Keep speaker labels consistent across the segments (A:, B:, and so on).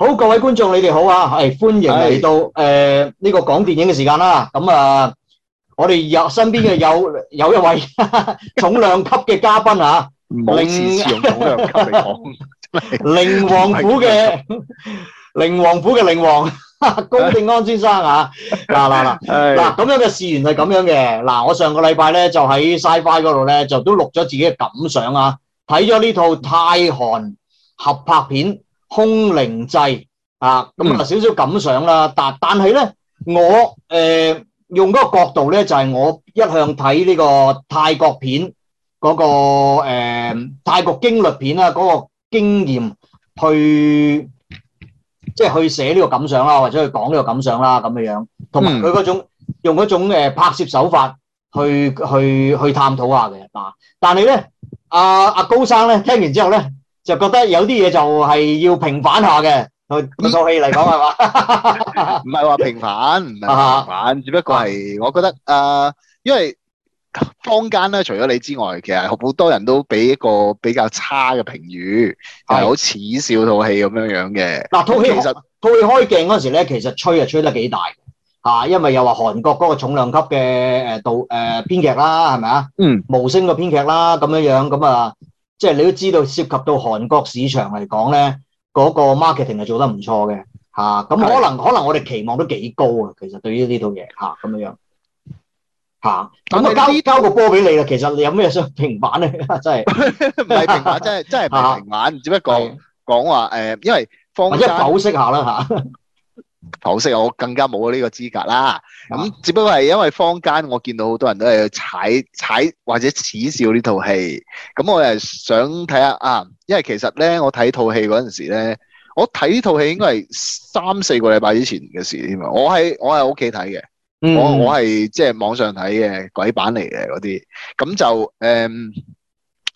A: 好，各位觀眾，你哋好啊！係歡迎嚟到誒呢的、呃這個講電影嘅時間啦。咁、嗯、啊、呃，我哋有身邊嘅有有一位 重量級嘅嘉賓啊，重量級嚟講靈王府嘅靈 王府嘅靈王，Go< 的> 敵安先生啊！嗱嗱嗱，嗱、啊、咁的、啊、樣嘅事源係咁樣嘅。嗱、啊，我上個禮拜咧就喺 SciFi 嗰度咧就都錄咗自己嘅感想啊，睇咗呢套泰韓合拍片。凶靈祭啊，咁、嗯、啊少少感想啦，但但係咧，我誒、呃、用嗰個角度咧，就係、是、我一向睇呢個泰國片嗰、那個誒、呃、泰國驚慄片啦，嗰個經驗去即係、就是、去寫呢個感想啦，或者去講呢個感想啦，咁樣樣，同埋佢嗰種用嗰種誒、呃、拍攝手法去去去探討下嘅，嗱、啊，但係咧，阿、啊、阿高生咧聽完之後咧。就覺得有啲嘢就係要平反下嘅，套套戲嚟講係嘛？
B: 唔係話平反，唔平反， 只不過係我覺得、呃、因為坊間咧，除咗你之外，其實好多人都俾一個比較差嘅評語，係好恥笑套戲咁樣樣
A: 嘅。嗱，套戲其實套戲開鏡嗰時咧，其實吹啊吹得幾大，因為又話韓國嗰個重量級嘅誒導誒編劇啦，係咪啊？嗯，無聲嘅編劇啦，咁樣樣咁啊。即係你都知道，涉及到韓國市場嚟講咧，嗰、那個 marketing 係做得唔錯嘅嚇。咁、啊、可能的可能我哋期望都幾高啊。其實對於呢套嘢嚇咁樣樣嚇。咁、啊、交交個波俾你啦。其實你有咩想平板咧？ 真係唔係平
B: 板，啊、真係真係唔係平板。只、啊、不過講的話誒，因為放家，或者狗色下啦嚇。啊否識，我更加冇呢個資格啦。咁只不過係因為坊間我見到好多人都係踩踩或者恥笑呢套戲，咁我係想睇下啊，因為其實咧我睇套戲嗰陣時咧，我睇呢套戲應該係三四個禮拜之前嘅事添。我喺我喺屋企睇嘅，我我係即係網上睇嘅鬼版嚟嘅嗰啲，咁就誒。嗯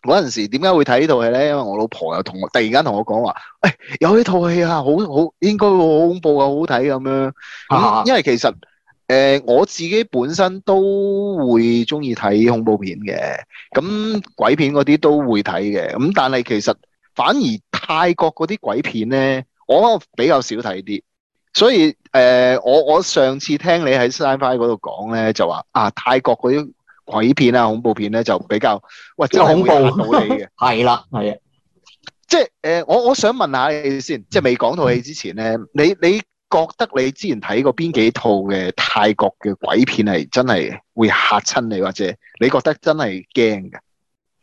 B: 嗰陣時點解會睇呢套戲咧？因為我老婆又同我突然間同我講話，誒、哎、有呢套戲啊，好好應該會好恐怖啊，好睇咁樣。吓，因為其實、呃、我自己本身都會中意睇恐怖片嘅，咁鬼片嗰啲都會睇嘅。咁但係其實反而泰國嗰啲鬼片咧，我比較少睇啲。所以、呃、我我上次聽你喺 SciFi 嗰度講咧，就話啊，泰國嗰啲。鬼片啊，恐怖片咧、啊、就比較，喂，真係會嚇到你嘅。係啦， 係啊，即係誒、呃，我我想問下你先，即係未講套戲之前咧，你你覺得你之前睇過邊幾套嘅泰國嘅
A: 鬼片係真係會嚇親你，或者你覺得真係驚㗎？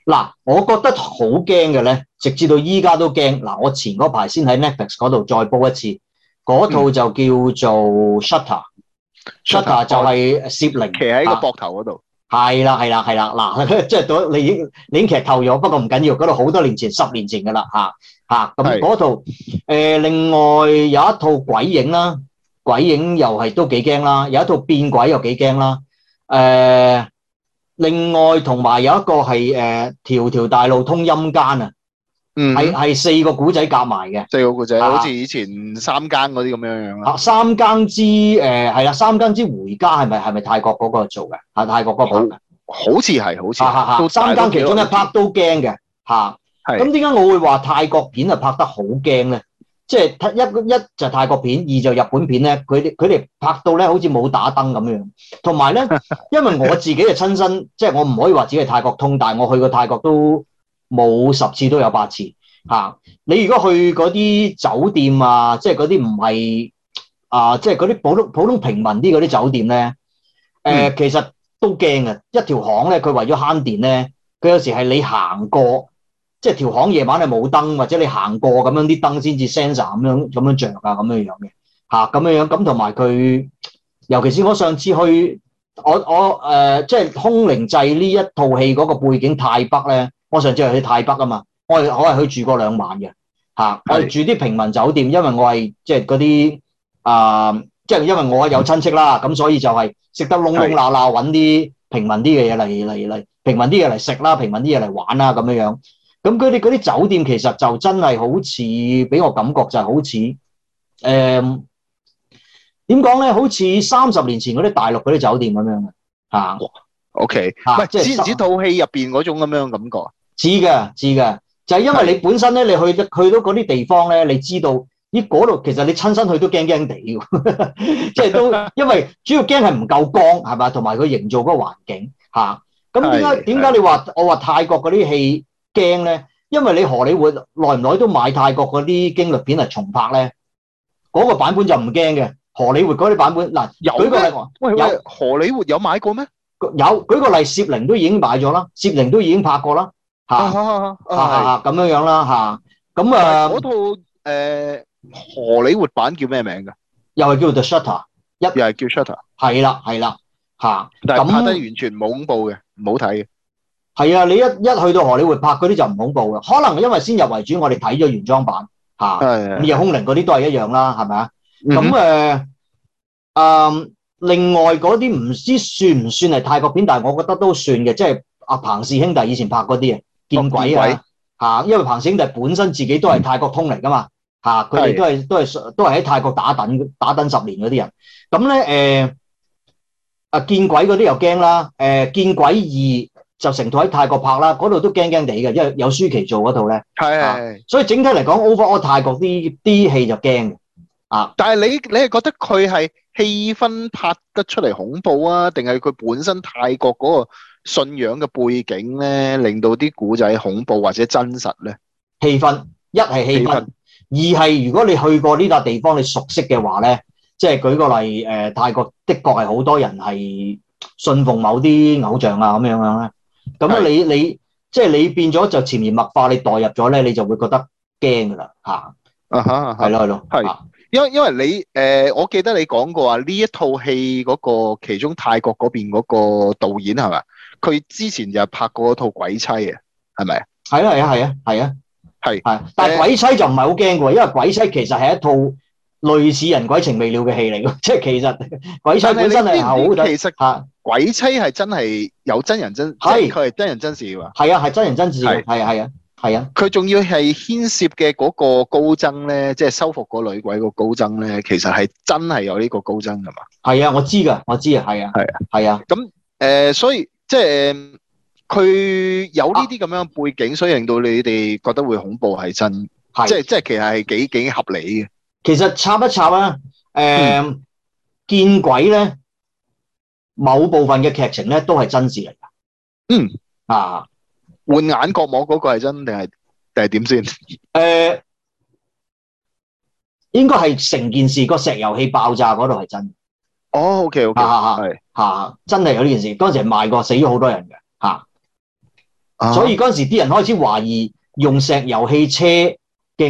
A: 嗱，我覺得好驚嘅咧，直至到依家都驚。嗱，我前嗰排先喺 Netflix 嗰度再煲一次，嗰套就叫做 Shutter，Shutter、嗯、Sh 就係攝靈騎喺個膊頭嗰度。啊係啦，係啦，係啦，嗱，即係到你已經你已經劇透咗，不過唔緊要，嗰度好多年前，十年前噶啦，吓吓，咁嗰套，誒是的、呃，另外有一套鬼影啦，鬼影又係都幾驚啦，有一套變鬼又幾驚啦，誒、呃，另外同埋有一個係誒，條、呃、條大路通陰間啊！嗯，係係四個古仔夾埋嘅，四個古仔，好似以前三更嗰啲咁樣樣啦、啊。三更之誒係啦，三更之回家係咪係咪泰國嗰個做嘅？係泰國嗰拍好似係好似。做、啊、三更其中一拍都驚嘅，嚇、啊。係是。咁點解我會話泰國片啊拍得好驚咧？即、就、係、是、一一就泰國片，二就日本片咧，佢哋佢哋拍到咧好似冇打燈咁樣，同埋咧，因為我自己啊親身，即係 我唔可以話自己係泰國通，但係我去過泰國都。冇十次都有八次吓，你如果去嗰啲酒店啊，即係嗰啲唔係啊，即係嗰啲普通普通平民啲嗰啲酒店咧，誒、呃，其實都驚啊。一條巷咧，佢為咗慳電咧，佢有時係你行過，即係條巷夜晚係冇燈，或者你行過咁樣啲燈先至 sensor 咁樣咁、啊、樣着啊咁樣樣嘅吓，咁樣樣咁同埋佢，尤其是我上次去我我誒，即、呃、係《就是、凶靈祭》呢一套戲嗰個背景泰北咧。我上次去泰北啊嘛，我我係去住過兩晚嘅，吓是我住啲平民酒店，因為我係即係嗰啲啊，即、就、係、是呃就是，因為我有親戚啦，咁、嗯、所以就係食得窿窿罅罅，搵啲平民啲嘅嘢嚟嚟嚟，平民啲嘢嚟食啦，平民啲嘢嚟玩啦，咁樣樣。咁佢哋嗰啲酒店其實就真係好似俾我感覺就係好似誒，點講咧？好似三十年前嗰啲大陸嗰啲酒店咁樣嘅，吓，O K，吓，哇 okay 即係似
B: 套戲入邊嗰種咁樣感覺。
A: 知嘅，知嘅，就係因為你本身咧，你去去到嗰啲地方咧，你知道依嗰度其實你親身去都驚驚地㗎，即係都因為主要驚係唔夠光係嘛，同埋佢營造嗰個環境嚇。咁點解點解你話我話泰國嗰啲戲驚咧？因為你荷里活耐唔耐都買泰國嗰啲驚慄片嚟重拍咧，嗰個版本就唔驚嘅。荷里活嗰啲版本嗱，有呢舉個例，喂有喂，荷里活有買過咩？有，舉個例，攝靈都已經買咗啦，攝靈都已經拍過啦。吓咁樣樣啦吓，咁啊嗰
B: 套誒、呃、荷里活版叫咩名㗎？
A: 又係叫做 The Shutter，一又係叫 Shutter，係啦係啦吓。但係是 那拍得完全冇恐怖嘅，唔好睇嘅。係啊，你一一去到荷里活拍嗰啲就唔恐怖嘅，可能因為先入為主，我哋睇咗原裝版吓，咁、啊、的夜空靈嗰啲都係一樣啦，係咪、嗯、哼啊？咁誒，嗯，另外嗰啲唔知算唔算係泰國片，但係我覺得都算嘅，即係阿彭氏兄弟以前拍嗰啲啊。見鬼啊！吓鬼，因為彭氏兄弟本身自己都係泰國通嚟噶嘛，吓佢哋都係是的 都係都係喺泰國打躉打躉十年嗰啲人。咁咧誒啊，見鬼嗰啲又驚啦，誒、呃、見鬼二就成套喺泰國拍啦，嗰度都驚驚地嘅，因為有舒淇做嗰套咧。係的、啊，所以整體嚟講，Overall 泰國啲啲戲就驚啊。但係你你係覺得佢係氣氛拍得出嚟恐
B: 怖啊，定係佢本身泰國嗰、那個？信仰嘅背景咧，令到啲古
A: 仔恐怖或者真實咧。氣氛一係氣氛，二係如果你去過呢笪地方，你熟悉嘅話咧，即係舉個例，誒、呃、泰國的確係好多人係信奉某啲偶像啊咁樣樣咧。咁是你你即係、就是、你變咗就潛移默化，你代入咗咧，你就會覺得驚噶啦嚇。啊，啊哈，啊哈，係咯係咯，
B: 係是、啊。因為因為你誒、呃，我記得你講過啊，呢一套戲嗰、那個其中泰國嗰邊嗰個導演係咪啊？佢之前就拍過一套鬼妻啊，
A: 係咪啊？係啦，係啊，係啊，係啊，係係。但係鬼妻就唔係好驚嘅，因為鬼妻其實係一套類似人鬼情未了嘅戲嚟咯。即係其實鬼妻本身係好，其實吓鬼妻係真係有真人真，即係佢
B: 係真人真事喎。
A: 係啊，係真人真事，係係啊，
B: 係啊。佢仲要係牽涉嘅嗰個高僧咧，即係收服嗰女鬼個高僧咧，其實係真係有呢個高僧噶嘛？
A: 係啊，我知噶，我知啊，係啊，係啊，係啊。
B: 咁誒，所以。即係佢、呃、有呢啲咁樣背景，啊、所以令到你哋覺得會恐怖係真的是的即。即係即係其實係幾幾合理嘅。
A: 其實插一插啊，誒、呃，嗯、見鬼咧，某部分嘅劇情咧都係真事嚟㗎。嗯啊，換眼角膜嗰個係真定係定係點先？誒、呃，應該係成件事個石油氣爆炸嗰度係真的。哦、oh,，OK OK，係、啊，吓、啊啊，真係有呢件事，嗰陣時賣過，死咗好多人嘅，吓、啊，所以嗰陣時啲人開始懷疑用石油氣車嘅嘅誒，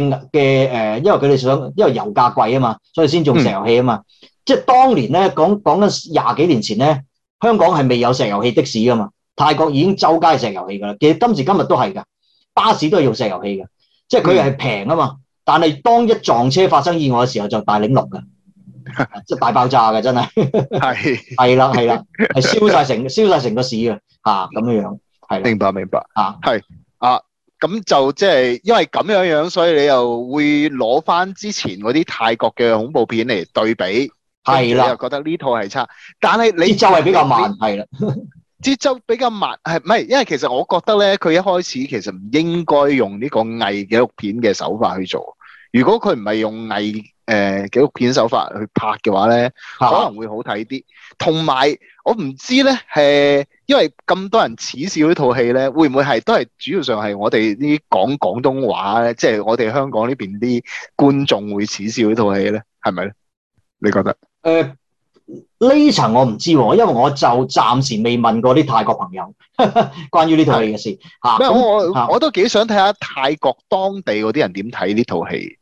A: 因為佢哋想，因為油價貴啊嘛，所以先做石油氣啊嘛，嗯、即係當年咧講講緊廿幾年前咧，香港係未有石油氣的士噶嘛，泰國已經周街石油氣噶啦，其實今時今日都係噶，巴士都係用石油氣嘅，即係佢係平啊嘛，嗯、但係當一撞車發生意外嘅時候就大領落噶。即係 大爆炸嘅，真係係係啦，係啦， 係燒晒成燒晒成個市嘅！吓咁樣樣，係明白明白吓，
B: 係啊咁、啊、就即係，因為咁樣樣，所以你又會攞翻之前嗰啲泰國嘅恐怖片嚟對比，係啦的，你又覺得呢套係差，但係你節奏係比較慢，係啦，節奏比較慢係唔係？的因為其實我覺得咧，佢一開始其實唔應該用呢個偽紀錄片嘅手法去做，如果佢唔係用偽。誒，紀錄片手法去拍嘅話咧，可能會好睇啲。同埋、啊，我唔知咧，係、呃、因為咁多人恥笑呢套戲咧，會唔會係都係主要上係我哋啲講廣東話咧，即、就、係、是、我哋香港呢邊啲觀眾會恥
A: 笑呢套戲咧？係咪咧？你覺得？誒、呃，呢層我唔知喎、啊，因為我就暫時未問過啲泰國朋友 關於呢套戲嘅事。吓，咁我、
B: 啊、我都幾想睇下泰國當地嗰啲人點睇呢套戲。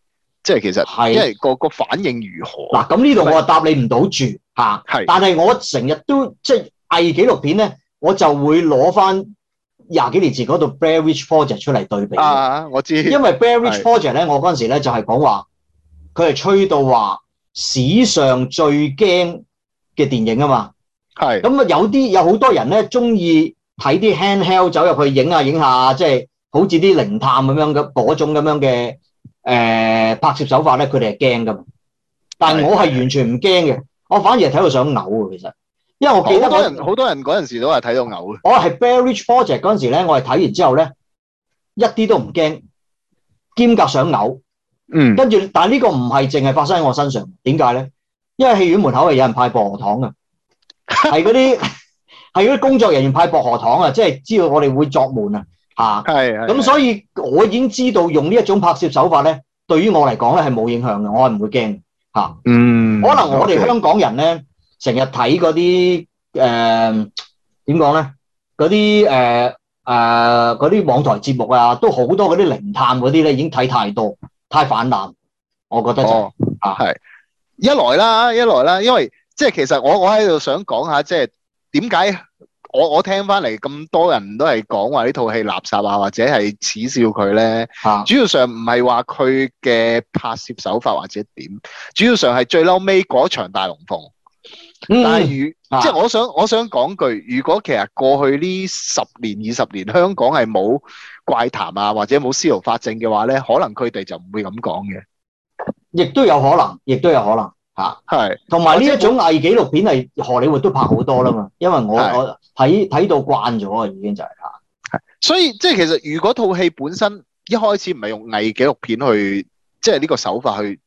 B: 即係其實，是因為
A: 個個反應如何嗱？咁呢度我就答你唔到住嚇，是是但係我成日都即係偽紀錄片咧，我就會攞翻廿幾年前嗰度 Blair Witch Project 出嚟對比。啊，我知。因為 Blair Witch Project 咧，呢是我嗰陣時咧，就係講話佢係吹到話史上最驚嘅電影啊嘛。係是。咁啊，有啲有好多人咧，中意睇啲 handheld hand 走入去影下影下，即係、就是、好似啲靈探咁樣嘅嗰種咁樣嘅。誒、呃，拍攝手法咧，佢哋係驚噶，但我係完全唔驚嘅，我反而係睇到想嘔啊！其實，因為我記得好多人，
B: 好多人嗰陣時都係睇到嘔
A: 嘅。我係《Blair Witch Project》嗰陣時咧，我係睇完之後咧，一啲都唔驚，兼夾想嘔。嗯。跟住，但係呢個唔係淨係發生喺我身上，點解咧？因為戲院門口係有人派薄荷糖㗎。係嗰啲係嗰啲工作人員派薄荷糖啊，即係知道我哋會作悶啊。吓，係，咁所以我已經知道用呢一種拍攝手法咧，對於我嚟講咧係冇影響嘅，我係唔會驚嚇。
B: 嗯，可能我哋香
A: 港人咧，成日睇嗰啲誒點講咧，嗰啲誒誒啲網台節目啊，都好多嗰啲靈探嗰啲咧，已經睇太多，太泛濫，我覺得就
B: 嚇、係哦啊、一來啦，一來啦，因為即係其實我我喺度想講下，即係點解？我我聽翻嚟，咁多人都係講話呢套戲垃圾啊，或者係恥笑佢咧、啊。主要上唔係話佢嘅拍攝手法或者點，主要上係最嬲尾嗰場大龍鳳。嗯、但係如、啊、即係我想我想講句，如果其實過去呢十年二十年香港係冇
A: 怪談啊，或者冇私毫法證嘅話咧，可能佢哋就唔會咁講嘅。亦都有可能，亦都有可能。吓，係是，同埋呢一種偽紀錄片係荷里活都拍好多啦嘛，因為我是我睇睇到慣咗啊，已經就係吓，
B: 所以即係其實如果套戲本身一開始唔係用偽紀錄片去，即係呢個手法去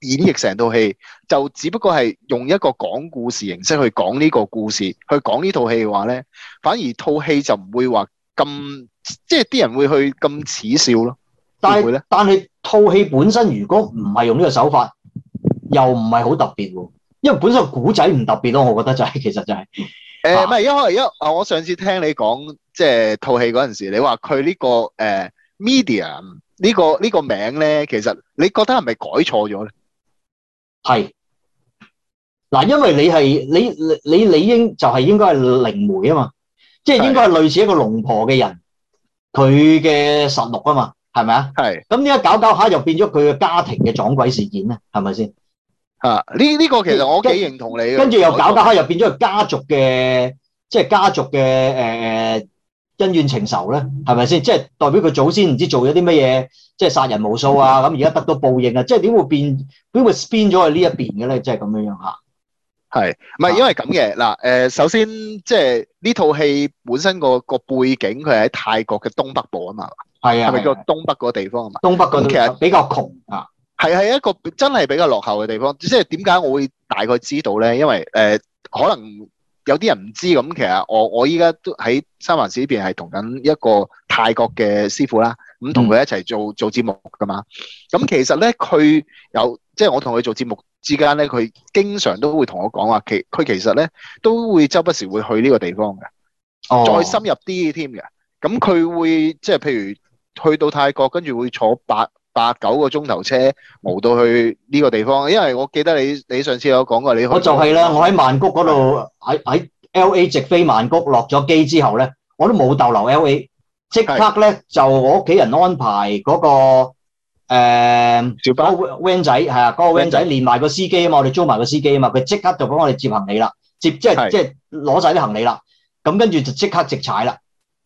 B: 演繹成套戲，就只不過係用一個講故事形式去講呢個故事，去講呢套戲嘅話咧，反而套戲就唔會話咁，即係啲人
A: 會去咁恥笑咯。但係呢但係套戲本身如果唔係用呢個手法。又唔係好特別喎，因為本身古仔唔特別咯。我覺得就係、是、其實就
B: 係、是、誒，唔係、呃啊、因為因啊，我上次聽你講即係套戲嗰陣時，你話佢呢個誒 medium 呢個呢個名咧，其實你覺得係咪改錯咗咧？
A: 係嗱，因為你係你你理應就係應該係靈媒啊嘛，即、就、係、是、應該係類似一個龍婆嘅人，佢嘅實錄啊嘛，係咪啊？係咁是，點解搞搞下又變咗佢嘅家庭嘅撞鬼事件咧，係咪先？啊！呢、這、呢個其實我幾認同你的跟。跟住，又搞搞下，又變咗個家族嘅，即係家族嘅誒、呃、恩怨情仇咧，係咪先？即係代表佢祖先唔知做咗啲乜嘢，即係殺人無數啊！咁而家得到報應啊！即係點會變？點會 spin 咗去呢一邊嘅咧？即係咁樣樣吓，係
B: 唔係？是因為咁嘅嗱，誒，首先即係呢套戲本身個個背景，佢係喺泰國嘅東北部啊嘛，係啊，係咪叫東北個地方啊？東北嗰其實
A: 比較窮啊。，
B: 係係一個真係比較落後嘅地方，即係點解我會大概知道咧？因為誒、呃，可能有啲人唔知咁，其實我我依家都喺三藩市呢邊係同緊一個泰國嘅師傅啦，咁同佢一齊做做節目㗎嘛。咁其實咧，佢有即係我同佢做節目之間咧，佢經常都會同我講話，其佢其實咧都會周不時會去呢個地方嘅，再深入啲添嘅。咁佢會即係譬如去到泰國，跟住會坐八八九個鐘頭車，冇到去呢個地方，因為我記得你你，上次有講過，你我就係啦，我喺曼
A: 谷嗰度喺喺 LA 直飛曼谷，落咗機之後咧，我都冇逗留 LA，即刻咧就我屋企人安排嗰個誒嗰個 van 仔，係啊，嗰個 van 仔連埋個司機啊嘛，我哋租埋個司機啊嘛，佢即刻就幫我哋接行李啦，接，即係即係攞晒啲行李啦，咁跟住就即刻直踩啦，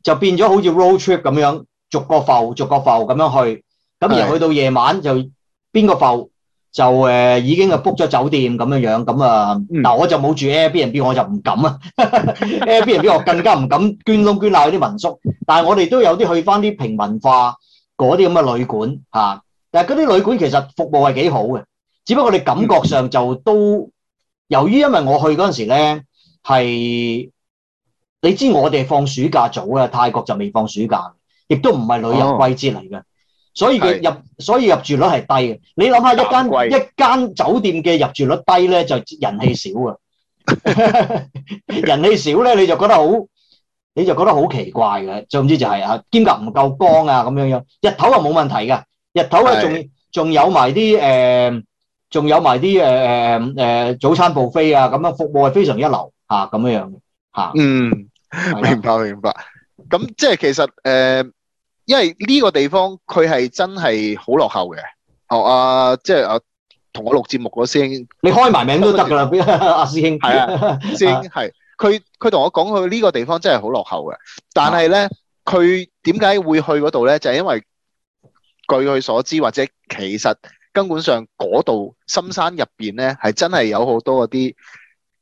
A: 就變咗好似 road trip 咁樣，逐個埠逐個埠咁樣去。咁而、嗯、去到夜晚就邊個埠就，就、呃、已經啊 book 咗酒店咁樣樣咁啊。嗱我就冇住 Airbnb 我就唔敢啊 Airbnb 我更加唔敢捐窿捐罅嗰啲民宿，但係我哋都有啲去翻啲平民化嗰啲咁嘅旅館、啊、但係嗰啲旅館其實服務係幾好嘅，只不過你感覺上就都由於因為我去嗰陣時，咧係你知我哋放暑假早呀，泰國就未放暑假，亦都唔係旅遊季節嚟嘅。哦。所以嘅入，是所以入住率係低嘅。你諗下一間龜一間酒店嘅入住率低咧，就人氣少啊。 人氣少咧，你就覺得好，你就覺得好奇怪嘅。總之就係、是、啊，間隔唔夠光啊咁樣樣。日頭啊冇問題噶，日頭啊仲仲有埋啲誒，仲、呃、有埋啲誒誒誒早餐 buffet 啊咁樣，服務係非常一流嚇咁、啊、樣樣嚇。
B: 啊、嗯的明，明白明白。咁即係其實誒。呃因為呢個地方佢係真係好落後嘅。哦，阿、呃、即係阿同我錄節目嗰先，你開埋名都得噶啦，師兄。係啊， 師兄係。佢佢同我講佢呢個地方真係好落後嘅。但係咧，佢點解會去嗰度咧？就係、是、因為據佢所知，或者其實根本上嗰度深山入邊咧，係真係有好多嗰啲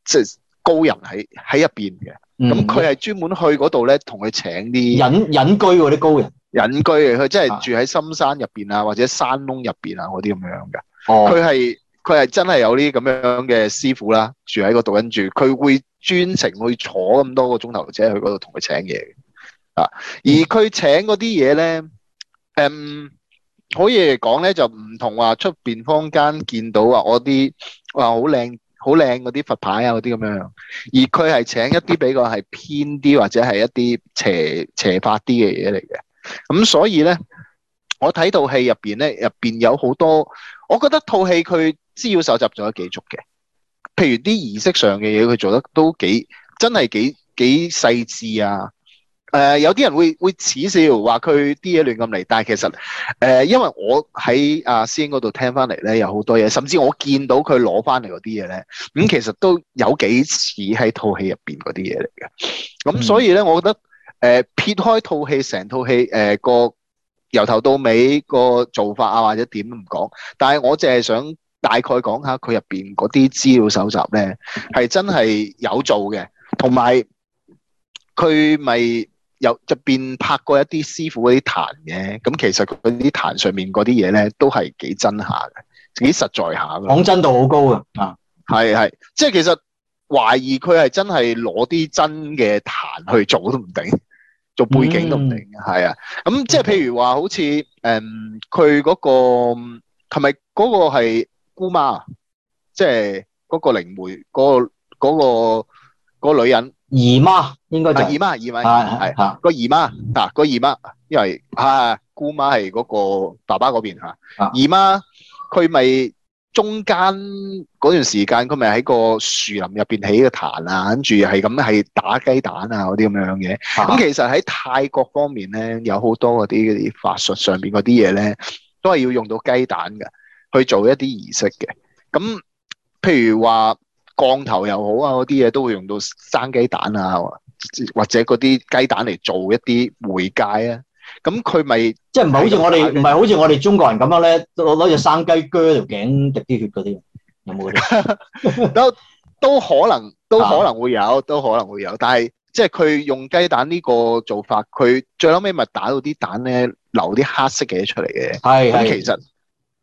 B: 即係高人喺喺入邊嘅。
A: 咁佢
B: 係專門去嗰度咧，同佢請啲隱隱居嗰啲高人。隱居，佢真係住喺深山入邊啊，或者山窿入邊啊，嗰啲咁樣嘅。佢係佢係真係有啲咁樣嘅師傅啦，住喺嗰度，跟住，佢會專程去坐咁多個鐘頭車去嗰度同佢請嘢嘅。啊，而佢請嗰啲嘢咧，嗯，可以講咧就唔同話出邊坊間見到啊，我啲話好靚好靚嗰啲佛牌啊嗰啲咁樣，而佢係請一啲比較係偏啲或者係一啲邪邪法啲嘅嘢嚟嘅。咁所以咧，我睇套戲入邊咧，入邊有好多，我覺得套戲佢資料收集咗得幾足嘅。譬如啲儀式上嘅嘢，佢做得都幾真係幾幾細緻啊。誒、呃，有啲人會會恥笑話佢啲嘢亂咁嚟，但係其實誒、呃，因為我喺阿、啊、師兄嗰度聽翻嚟咧，有好多嘢，甚至我見到佢攞翻嚟嗰啲嘢咧，咁、嗯、其實都有幾似喺套戲入邊嗰啲嘢嚟嘅。咁所以咧，嗯、我覺得。誒、呃、撇開套戲成套戲誒個由頭到尾個做法啊，或者點都唔講，但係我淨係想大概講下佢入邊嗰啲資料搜集咧，係真係有做嘅，同埋佢咪有入邊拍過一啲師傅嗰啲壇嘅，咁其實佢嗰啲壇上面嗰啲嘢咧都係幾真下嘅，幾實在下嘅，講真度好高嘅，啊，係係，即係其實懷疑佢係真係攞啲真嘅壇去做都唔定。做背景都唔定嘅，係、嗯、啊，咁、嗯、即係譬如話，好似誒佢嗰個係咪嗰個係姑媽，即係嗰個靈媒嗰、嗰個嗰、嗰個嗰個、女人姨媽應該就是啊、姨媽，姨位係個姨媽嗱個、啊、姨媽，因為啊姑媽係嗰個爸爸嗰邊、啊啊、姨媽佢咪。中間嗰段時間，佢咪喺個樹林入邊起個壇啊，跟住係咁係打雞蛋啊嗰啲咁樣嘢。咁、啊、其實喺泰國方面咧，有好多嗰啲啲法術上邊嗰啲嘢咧，都係要用到雞蛋嘅，去做一啲儀式嘅。咁譬如話，降頭又好啊，嗰啲嘢都會用到生雞蛋啊，或者嗰啲雞蛋嚟做一啲媒介啊。咁佢
A: 咪即係唔係好似我哋唔係好似我哋中國人咁樣咧，攞攞隻生雞割條頸滴啲血嗰啲，有冇 都都可能都可能會有，都可
B: 能會有，但係即係佢用雞蛋呢個做法，佢最後尾咪打到啲蛋咧，留啲黑色嘅嘢出嚟嘅。係咁是，其實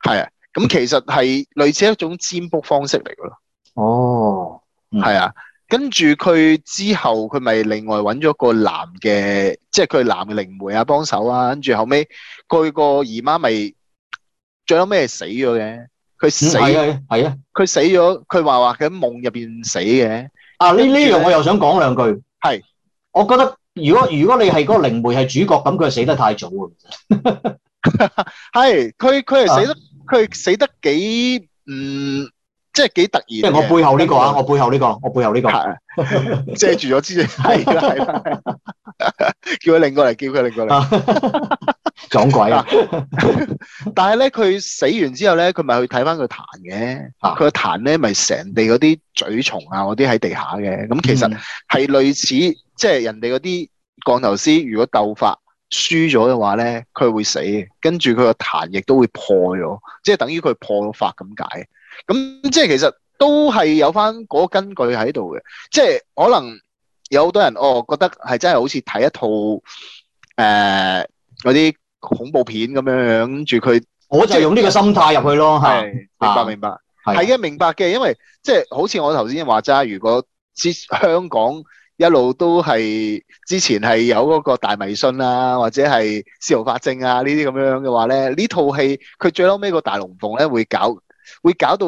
B: 係啊，咁的其實係類似一種占卜方式嚟噶咯。哦，係、嗯、啊。跟住佢之後，佢咪另外揾咗個男嘅，即係佢男嘅靈媒啊，幫手啊。跟住後尾，佢個姨媽咪，最後咩死咗嘅？佢死咗？啊，
A: 佢死咗。佢話話喺夢入面死嘅。啊，呢呢樣我又想講兩句。係是，我覺得如果如果你係嗰個靈媒係主角咁，佢死得太早啊。
B: 係， 佢佢係死得，佢、啊、死得幾唔？嗯即係幾突然，即係我背後呢個啊！我
A: 背後呢個，我背後呢個啊 係借住咗之前，係
B: 叫佢擰過嚟，叫佢擰過嚟， 撞鬼啊！ 但係咧，佢死完之後咧，佢咪去睇翻佢壇嘅，佢個壇咧咪成地嗰啲嘴蟲啊，嗰啲喺地下嘅。咁其實係類似，即係人哋嗰啲降頭師，如果鬥法輸咗嘅話咧，佢會死，跟住佢個壇亦都會破咗，即係等於佢破咗法咁解。咁即係其實都係有翻嗰根據喺度嘅，即係可能有好多人哦覺得係真係好似睇一套誒嗰啲恐怖片咁樣樣，住佢我就是用呢個心態入去咯，係是是明白、啊、明白係嘅的，明白嘅，因為即係好似我頭先話齋，如果之香港一路都係之前係有嗰個大迷信啊，或者係司徒法正啊這這樣的呢啲咁樣嘅話咧，呢套戲佢最屘尾個大龍鳳咧會搞。會搞到，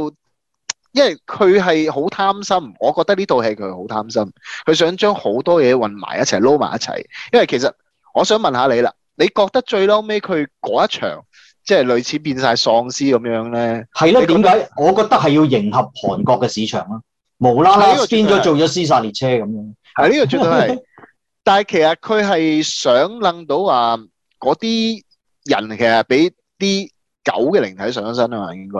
B: 因為佢係好貪心，我覺得呢套戲佢好貪心，佢想將好多嘢混埋一齊撈埋一齊。因為其實我想問下你啦，你覺得最撈尾佢嗰一場即係類似變晒喪屍咁樣咧？係咯的，你點解？我
A: 覺得係要迎合韓國嘅市場啦，無啦啦變咗做咗屍殺列車咁樣。係呢個絕對係，
B: 但係其實佢係想令到話嗰啲人其實俾啲狗嘅靈體上身啊嘛，應該。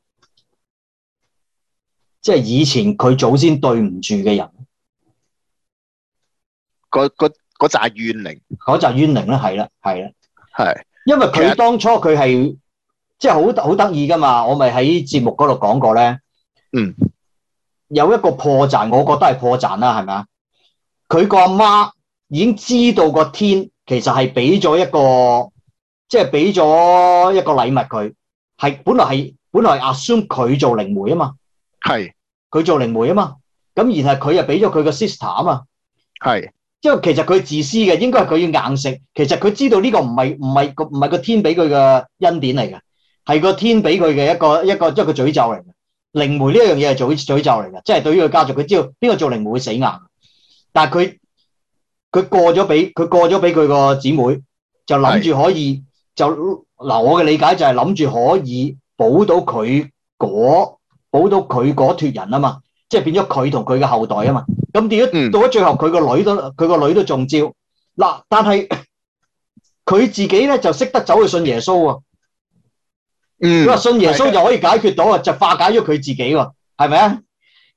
A: 即係以前佢祖先對唔住嘅人，嗰嗰嗰扎怨靈，嗰扎怨靈咧，係啦，係啦，係。的因為佢當初佢係實即係好好得意噶嘛，我咪喺節目嗰度講過咧。嗯，有一個破綻，我覺得係破綻啦，係咪啊？佢個阿媽已經知道個天其實係俾咗一個，即係俾咗一個禮物佢，係本來係本來 assume 佢做靈媒啊嘛。係，佢是做靈媒啊嘛，咁然係佢又俾咗佢個 sister 啊嘛，係是，即係其實佢自私嘅，應該係佢要硬食，其實佢知道呢個唔係唔係個唔係個天俾佢嘅恩典嚟嘅，係個天俾佢嘅一個一個即係個詛咒嚟嘅，靈媒呢樣嘢係詛詛咒嚟嘅，即係對於佢家族，佢知道邊個做靈媒會死硬，但係佢佢過咗俾佢過咗俾佢個姊妹，就諗住可以是就嗱我嘅理解就係諗住可以補到佢嗰。保到佢嗰脫人啊嘛，即係變咗佢同佢嘅後代啊嘛。咁點解到咗最後佢個女都佢個、嗯、女都中招，嗱，但係佢自己咧就識得走去信耶穌喎、啊。嗯，佢話信耶穌就可以解決到，的就化解咗佢自己喎，係咪啊？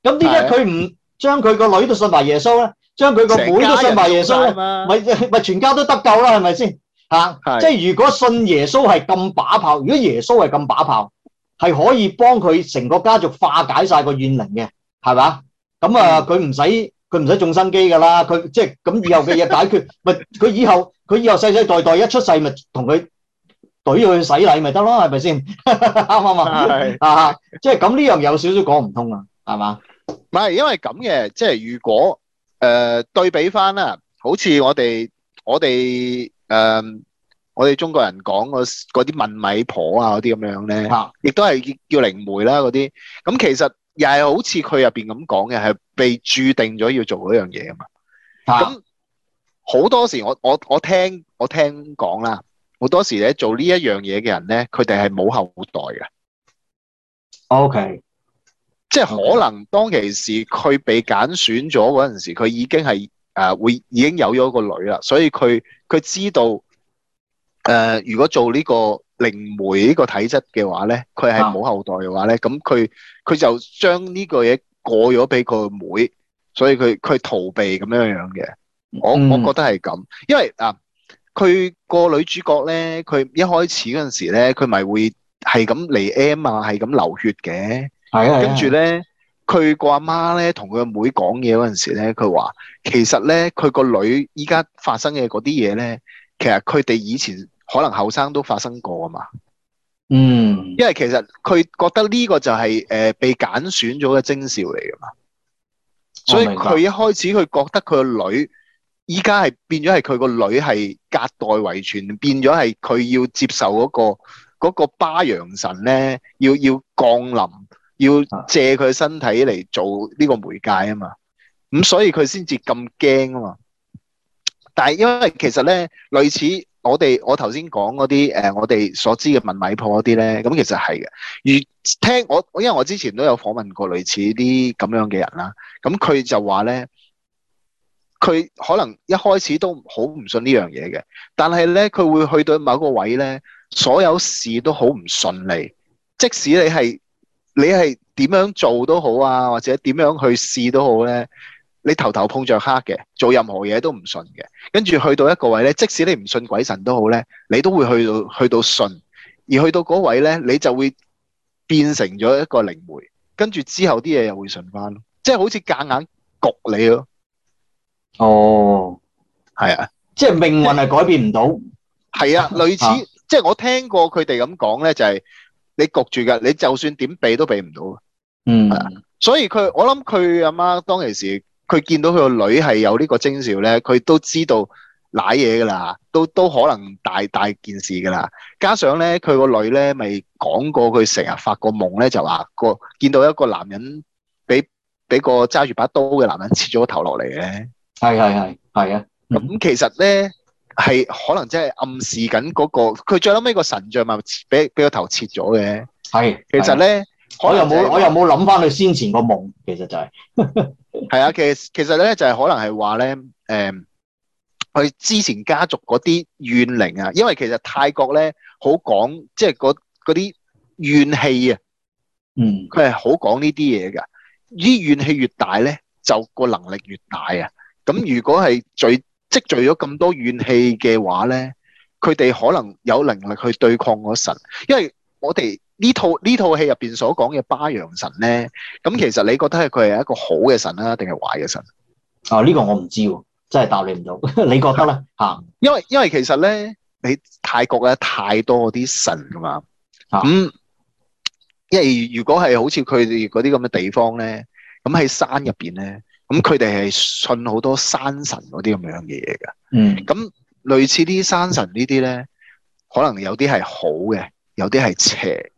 A: 咁點解佢唔將佢個女都信埋耶穌咧？將佢個妹都信埋耶穌咧？咪咪全， 全家都得救啦？係咪先？吓、啊，是即係如果信耶穌係咁把炮，如果耶穌係咁把炮。係可以幫佢成個家族化解晒個怨靈嘅，係嘛？咁啊，佢唔使佢唔使種心機噶啦，佢即係咁，以後嘅嘢解決，咪佢以後佢以後世世代代一出世咪同佢懟佢去洗禮咪得咯，係咪先？啱啊嘛，啊，即係咁呢樣有少少講唔通啊，係嘛？
B: 唔係因為咁嘅，即係如果誒對比翻啦，好似我哋我哋誒。我哋中國人講嗰啲問米婆啊，嗰啲咁樣咧，亦都係叫靈媒啦，嗰啲咁。其實又係好似佢入邊咁講嘅，係被注定咗要做嗰樣嘢啊嘛。咁好多時我我我聽我聽講啦，好多時喺做呢一樣嘢嘅人咧，佢哋係冇後代嘅。
A: OK，即
B: 係可能當其時佢被揀選咗嗰陣時，佢已經係誒、呃、會已經有咗個女啦，所以佢佢知道。誒、呃，如果做呢個靈媒呢個體質嘅話咧，佢係冇後代嘅話咧，咁佢佢就將呢個嘢過咗俾個妹，所以佢佢逃避咁樣樣嘅，我我覺得係咁，嗯、因為佢個、啊、女主角咧，佢一開始嗰陣時咧，佢咪會係咁嚟 M 啊，係咁流血嘅，係啊是，跟住咧，佢個阿媽咧同佢個妹講嘢嗰陣時咧，佢話其實咧佢個女依家發生嘅嗰啲嘢咧，其實佢哋以前。可能後生都發生過啊嘛，嗯，因為其實佢覺得呢個就係誒被揀選咗嘅徵兆嚟㗎嘛，所以佢一開始佢覺得佢個女依家係變咗係佢個女係隔代遺傳，變咗係佢要接受嗰個嗰個巴陽神咧，要要降臨，要借佢身體嚟做呢個媒介啊嘛，咁所以佢先至咁驚啊嘛，但係因為其實咧類似。我哋我頭先講嗰啲誒，我哋所知嘅問米鋪嗰啲咧，咁其實係嘅。如聽我，因為我之前都有訪問過類似啲咁樣嘅人啦，咁佢就話咧，佢可能一開始都好唔信呢樣嘢嘅，但係咧，佢會去到某個位咧，所有事都好唔順利，即使你係你係點樣做都好啊，或者點樣去試都好咧。你頭頭碰着黑嘅，做任何嘢都唔順嘅，跟住去到一個位咧，即使你唔信鬼神都好咧，你都會去到去到信而去到嗰位咧，你就會變成咗一個靈媒，跟住之後啲嘢又會順翻咯，即係好似夾硬焗你咯。
A: 哦，係啊，
B: 即係命運係改變唔到。係啊，啊，類似、啊、即係我聽過佢哋咁講咧，就係、是、你焗住㗎，你就算點避都避唔到。嗯、啊，所以佢我諗佢阿媽當其時。佢見到佢個女係有呢個徵兆咧，佢都知道攋嘢噶啦，都都可能大大件事噶啦。加上咧，佢個女咧咪講過，佢成日發個夢咧，就話個見到一個男人俾俾個揸住把刀嘅男人切咗個頭落嚟
A: 嘅。係係係係啊。咁
B: 其實咧，係可能即係暗示緊嗰個佢最後尾個神像咪俾俾個頭
A: 切咗嘅。係，其實咧。就是、我又冇，我又冇諗翻佢先前個夢，其實就
B: 係，係啊，其實其實咧就係可能係話咧，誒、嗯，佢之前家族嗰啲怨靈啊，因為其實泰國咧好講，即係嗰啲怨氣啊，嗯，佢係好講呢啲嘢噶，啲怨氣越大咧，就個能力越大啊，咁如果係聚積聚咗咁多怨氣嘅話咧，佢哋可能有能力去對抗個神，因為我哋。呢套呢套戲入邊所講嘅巴陽神咧，咁其實你覺得佢係一個好嘅神啦、啊，定係壞嘅神？啊，呢、這個我唔知道，真係答你唔到。 你覺得咧？吓，因為因為其實咧，你泰國咧太多嗰啲神噶嘛，咁、啊，因為如果係好似佢哋嗰啲咁嘅地方咧，咁喺山入邊咧，咁佢哋係信好多山神嗰啲咁樣嘅嘢嘅。嗯，咁類似啲山神呢啲咧，可能有啲係好嘅，有啲係邪。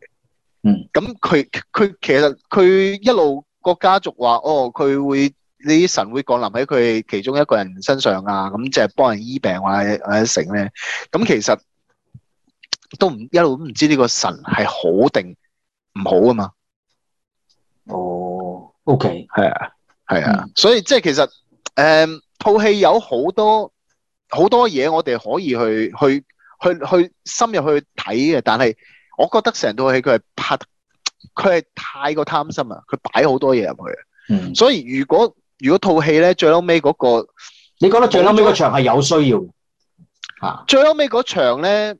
B: 咁佢佢其實佢一路個家族話哦，佢會呢啲神會降臨喺佢其中一個人身上啊，咁即係幫人醫病或、啊、或者成咧。咁其實都唔一路都唔知呢個神係好定唔好啊嘛。哦，O K，係啊，係啊，嗯、所以即係其實誒，套、嗯、戲有好多好多嘢，我哋可以去去去去深入去睇嘅，但係。我覺得成套戲佢係拍，佢係太過貪心啦！佢擺好多嘢入去啊，所以如果如果套戲咧，最尾嗰個，你覺得最尾嗰場係有需要啊？最尾嗰場咧，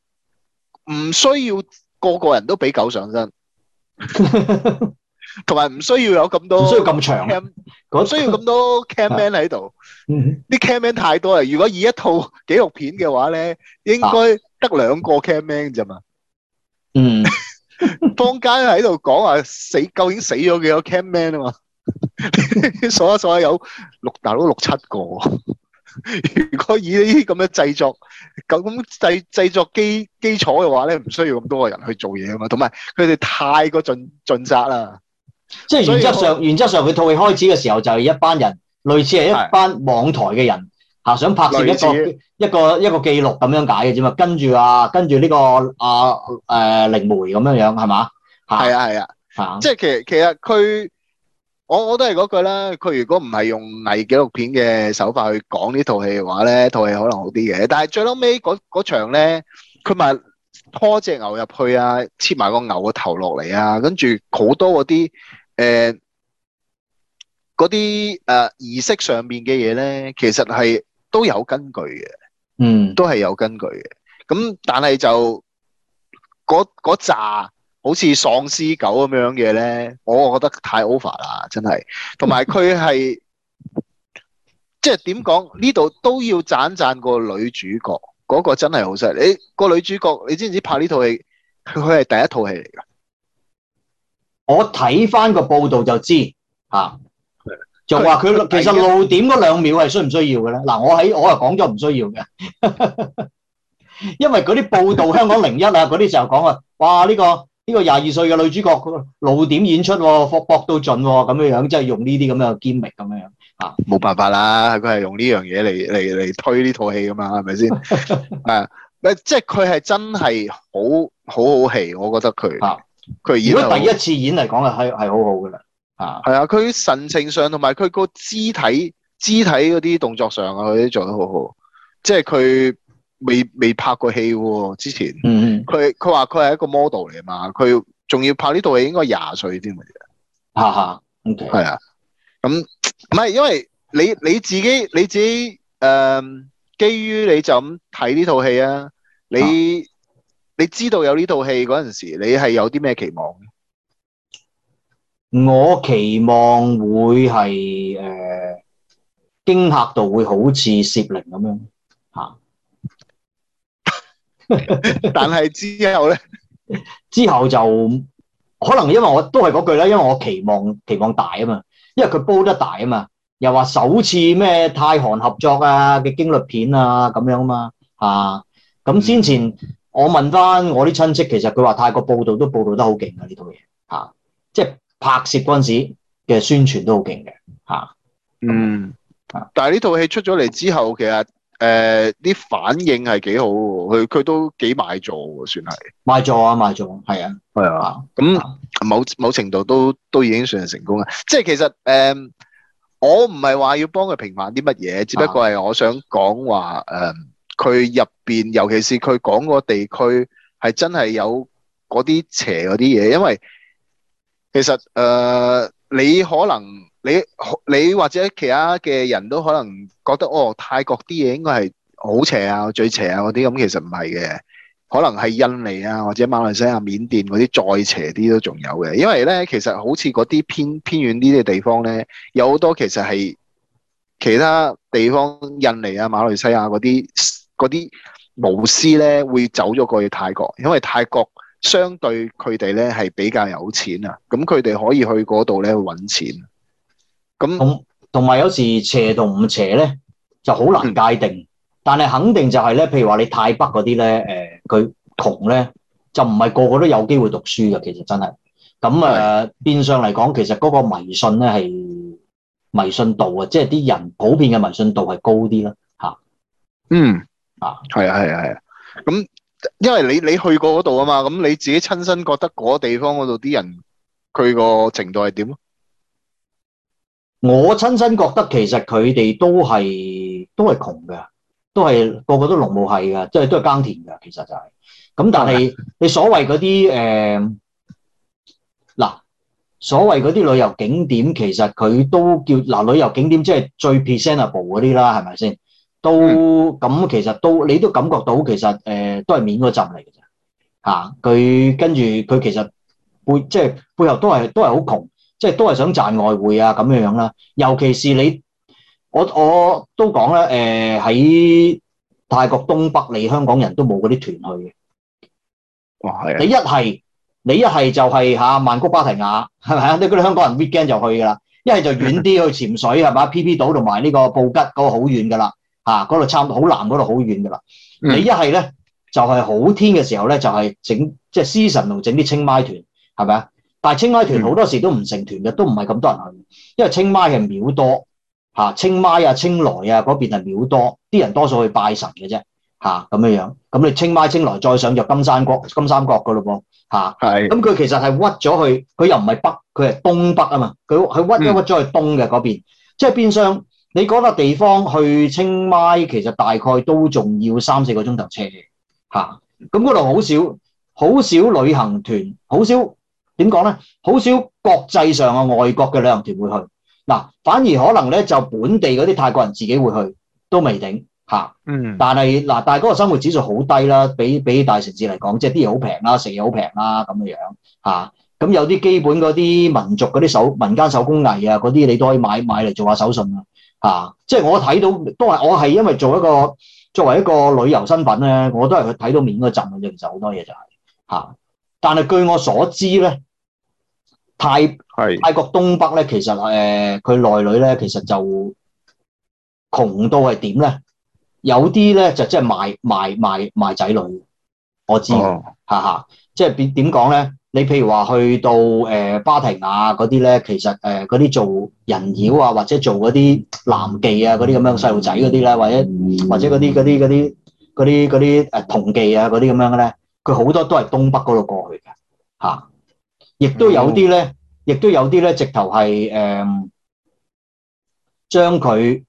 B: 唔需要個個人都俾狗上身，同埋唔需要有咁多，需要咁長，我需要咁多 camman 喺度，啲 camman 太多啦。如果以一套紀錄片嘅話咧，應該得兩個 camman 咋嘛？嗯，坊間喺度講啊，死究竟死咗幾多 cameraman 啊嘛？數下數下有六，大佬六七個。 如果以呢啲咁嘅製作咁製製作基基礎嘅話咧，唔需要咁多個人去做嘢啊嘛。同
A: 埋佢哋太過盡盡責啦。即係原則上，原則上佢套戲開始嘅時候就係一班人，類似係一班網台嘅人。想拍攝一個似一個一個記錄咁樣解嘅啫嘛，跟住啊，跟住呢個啊誒、呃、靈媒咁樣樣係嘛？係啊係啊，啊啊即係其實其實佢，我我都係嗰句啦。
B: 佢如果唔係用偽紀錄片嘅手法去講這呢套戲嘅話咧，套戲可能好啲嘅。但係最後尾嗰場咧，佢咪拖隻牛入去啊，切埋個牛個頭落嚟啊，跟住好多嗰啲誒嗰啲誒儀式上面嘅嘢咧，其實係。都有根據嘅，嗯，都係有根據嘅。咁但係就嗰嗰扎好似喪屍狗咁樣嘅咧，我覺得太 over 啦，真係。同埋佢係即係點講？呢度都要讚讚個女主角，嗰個真係好犀利。個女主角你知唔知拍呢套戲？佢係第一套戲
A: 嚟㗎。我睇翻個報道就知嚇。啊就話佢其實露點嗰兩秒係需唔需要嘅咧？嗱，我喺我啊講咗唔需要嘅，因為嗰啲報道香港零一啊，嗰啲就講啊，哇！呢、個呢、個廿二歲嘅女主角露點演出，霍搏到盡咁樣樣，即係用呢啲咁樣嘅堅力咁樣樣
B: 啊，冇辦法啦，佢係用呢樣嘢嚟嚟嚟推呢套戲噶嘛，係咪先？ 啊，即係佢係真係好，好好好戲，我覺得佢啊，
A: 佢如果第一次演嚟講啊，係係好好噶啦。啊，係
B: 啊，佢神情上同埋佢個肢體、肢體嗰啲動作上啊，佢都做得好好。即係佢未未拍過戲喎，啊，之前。嗯嗯。佢佢話佢係一個 model 嚟嘛，佢仲要拍呢套戲應該廿歲添嘅。哈哈 o、okay，係啊。咁唔係，因為你你自己你自己誒，呃，基於你就咁睇呢套戲啊，你你知道有呢套戲嗰陣時，你係有啲咩期望？
A: 我期望會係誒驚嚇度會好似《涉、啊、靈》咁樣吓，但係之後咧，之後就可能因為我都係嗰句啦，因為我期望期望大啊嘛，因為佢煲得大啊嘛，又話首次咩泰韓合作啊嘅驚慄片啊咁樣嘛啊嘛吓，咁、嗯、先前我問翻我啲親戚，其實佢話泰國報道都報道得好勁啊呢套嘢吓，即係。拍攝嗰陣時嘅宣傳都好勁嘅，吓，嗯，
B: 但係呢套戲出咗嚟,之後，其實誒啲、呃，反應係幾好喎，佢佢都幾賣座喎，算係
A: 賣座啊，賣座，係啊，
B: 係啊，咁某某程度都都已經算係成功啦。即係其實誒、呃，我唔係話要幫佢平反啲乜嘢，只不過係我想講話，誒、呃，佢入邊尤其是佢講個地區係真係有嗰啲邪嗰啲嘢，因為。其實誒、呃，你可能你你或者其他嘅人都可能覺得哦，泰國啲嘢，應該係好邪啊、最邪啊嗰啲，咁其實唔係嘅，可能係印尼啊或者馬來西亞、緬甸嗰啲再邪啲都仲有嘅。因為咧，其實好似嗰啲偏偏遠啲嘅地方咧，有好多其實係其他地方，印尼啊、馬來西亞嗰啲嗰啲巫師咧會走咗過去泰國，因為泰國。相對佢哋咧係比較有錢啊，咁佢哋可以去嗰度咧去搵錢。咁
A: 同埋有時斜同唔斜咧就好難界定，嗯、但係肯定就係、是、咧，譬如話你泰北嗰啲咧，誒、呃，佢窮咧就唔係個個都有機會讀書嘅，其實真係。咁誒、啊，是的 變相嚟講，其實嗰個迷信咧係迷信度啊，即係啲人普遍嘅迷信度係高啲啦，吓、嗯啊。嗯。啊，係啊，係啊，係啊。
B: 咁。因為你你去過嗰度啊嘛，咁你自己親身覺得嗰地方嗰度啲人佢個程度係點咯？
A: 我親身覺得其實佢哋都係都係窮㗎，都係個個都農務係噶，即係都係耕田噶。其實就係、是、咁，但係你所謂嗰啲誒嗱，所謂嗰啲旅遊景點，其實佢都叫嗱、呃、旅遊景點，即係最 presentable 嗰啲啦，係咪先？都咁、嗯、其實都你都感覺到其實誒。呃都係面嗰個浸嚟嘅啫，佢、啊、跟住佢其實背即係背後都係都係好窮，即係都係想賺外匯啊咁樣樣啦。尤其是你我我都講啦，喺、呃、泰國東北你香港人都冇嗰啲團去嘅。哇，你一係你一係就係、是啊、曼谷芭提雅係咪啊？你嗰啲香港人 weekend 就去噶啦。一係就遠啲去潛水係咪啊？PP 島同埋呢個布吉嗰個好遠噶啦，嚇嗰度差唔多好南嗰度好遠噶啦。你一係咧？就係好天嘅時候咧，就係整即係獅神路整啲清邁團，係咪啊？但係清邁團好多時都唔成團嘅，嗯、都唔係咁多人去，因為清邁係廟多嚇，清邁啊、清萊啊嗰邊係廟多，啲、啊啊啊、人多數去拜神嘅啫嚇咁樣樣。咁你清邁、清萊再上就金三角、金三角嘅咯噃嚇。係、啊。咁佢是其實係屈咗去，佢又唔係北，佢係東北啊嘛。佢佢屈咗屈咗去東嘅嗰、嗯、邊，即係變相你嗰個地方去清邁其實大概都仲要三四個鐘頭車。吓，咁嗰度好少，好少旅行團，好少點講咧，好少國際上嘅外國嘅旅行團會去。嗱，反而可能咧就本地嗰啲泰國人自己會去，都未定吓。嗯。但但係嗱，但嗰個生活指數好低啦，比比大城市嚟講，即係啲嘢好平啦，食嘢好平啦咁樣樣。吓、啊，咁有啲基本嗰啲民族嗰啲手民間手工藝啊，嗰啲你都可以買買嚟做下手信吓，即、啊、係、就是、我睇到都係我係因為做一個。作為一個旅遊身份咧，我都係去睇到面嗰陣嘅啫，其實好多嘢就係、嚇、但係據我所知咧，泰是泰國東北咧，其實誒佢內裏咧，呃、其實就窮到係點咧？有啲咧就即係賣賣賣賣仔女，我知嘅，哦、哈哈即係點點講咧？你譬如話去到誒、呃、芭堤雅嗰啲咧，其實誒嗰啲做人妖啊，或者做嗰啲男妓啊，嗰啲咁樣細路仔嗰啲咧，或者或者嗰啲嗰啲嗰啲啲啲誒童妓啊，嗰啲咁樣咧，佢好多都係東北嗰度過去嘅嚇，亦、啊、都有啲咧，亦都有啲咧，直頭係誒將佢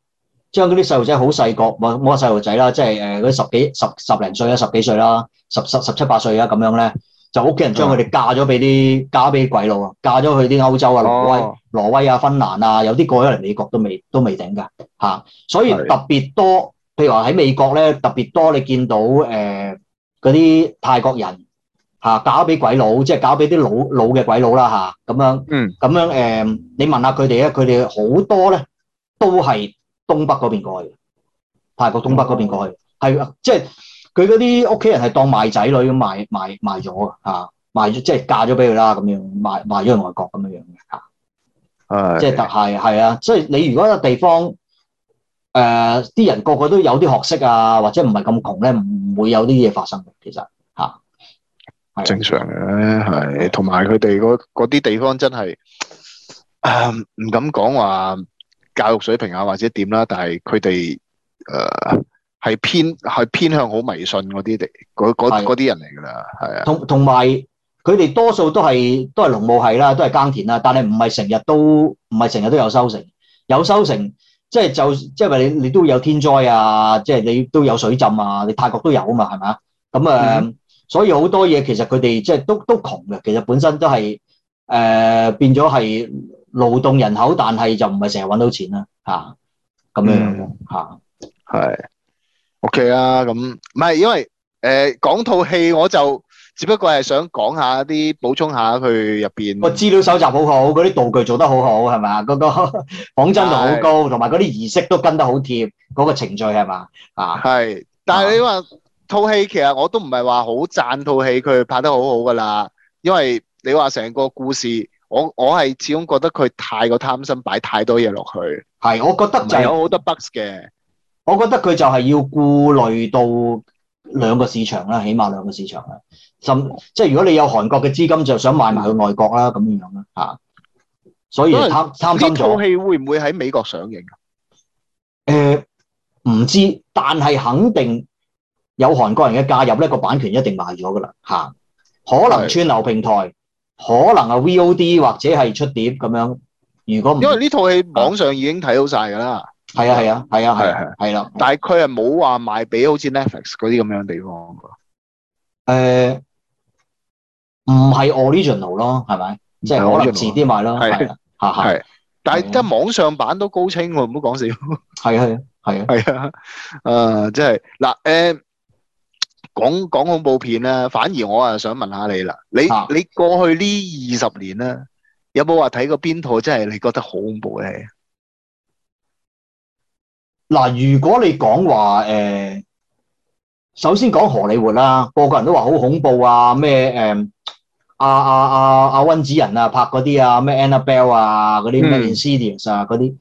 A: 將嗰啲細路仔好細個，冇冇個細路仔啦，即係誒嗰啲十幾十十零歲啊，十幾歲啦，十十十七八歲啊咁樣咧。就屋企人將佢哋嫁咗俾啲嫁俾鬼佬啊，嫁咗去啲歐洲啊、挪威、哦、挪威啊、芬蘭啊，有啲過咗嚟美國都未都未定噶、啊、所以特別多，是譬如話喺美國咧特別多你，你見到誒嗰啲泰國人嚇、啊、嫁俾鬼佬，即係嫁俾啲老老嘅鬼佬啦嚇咁樣。嗯，咁樣、呃、你問下佢哋咧，佢哋好多咧都係東北嗰邊過去嘅泰國東北嗰邊過去係即係佢嗰啲屋企人係當賣仔女咁賣賣賣咗噶吓，賣咗即係嫁咗俾佢啦咁樣，賣賣咗去、啊、外國咁樣樣嘅吓，即係特係係啊！即係是的、就是、你如果個地方誒啲、呃、人個個都有啲學識啊，或者唔係咁窮咧，唔會有啲嘢發生嘅，其實吓，啊、正常嘅係，
B: 同埋佢哋嗰啲地方真係誒唔敢講話教育水平啊或者點啦，但係佢哋誒。啊係偏，係偏
A: 向好迷信嗰啲地，嗰嗰嗰啲人嚟噶啦，係啊。同同埋佢哋多數都係都係農務係啦，都係耕田啊。但係唔係成日都唔係成日都有收成，有收成即係就即係話你你都有天災啊，即係你都有水浸啊。你泰國都有啊嘛，係咪啊？咁啊，呃嗯、所以好多嘢其實佢哋即係都都窮嘅，其實本身都係誒、呃、變咗係勞動人口，但係就唔係成日搵到錢啦吓，咁、啊、樣樣吓係。嗯啊
B: O K 啦，咁唔係因為誒講、呃、套戲，我就只不過係想講下啲補充下佢入邊。個
A: 資料搜集好好，嗰啲道具做得好好，係咪啊？嗰個仿真度好高，同埋嗰啲儀式都跟得好貼，嗰、嗰個程序係嘛啊？係，但係你
B: 話套戲其實我都唔係話好讚套戲，佢拍得很好好噶啦，因為你話成個故事，我我係始終覺得佢太過貪心，擺太多嘢落去。係，我覺得就係、有好多 bug 嘅。
A: 我覺得佢就係要顧慮到兩個市場啦，起碼兩個市場啦。甚即係如果你有韓國嘅資金，就想賣埋去外國啦，咁樣啦嚇。所以貪貪心咗呢套戲
B: 會唔會喺美
A: 國上映啊？誒、呃，唔知道，但係肯定有韓國人嘅介入呢、呢個版權一定賣咗㗎啦嚇。可能串流平台，是的 可能係 VOD 或者係出碟咁樣。如果唔因為呢套戲網上已
B: 經睇好晒㗎啦。係啊係啊係啊係係係啦，但係佢係冇話賣俾好似 Netflix 嗰啲咁樣地方嘅。誒，唔係 original 咯，係咪？即係可能自啲賣咯，係係。但係得網上版都高清喎，唔好講笑。係啊係啊係啊，誒，即係嗱，誒，講講恐怖片啦，反而我啊想問下你啦，你你過去呢二十年啦，有冇話睇過邊套真係你覺得好恐怖嘅戲？
A: 嗱，如果你講話誒，首先講荷里活啦，個個人都話好恐怖咩啊，咩誒啊啊啊啊溫子仁啊拍嗰啲啊，咩 Annabelle 啊嗰啲，咩 Insidious 啊嗰啲，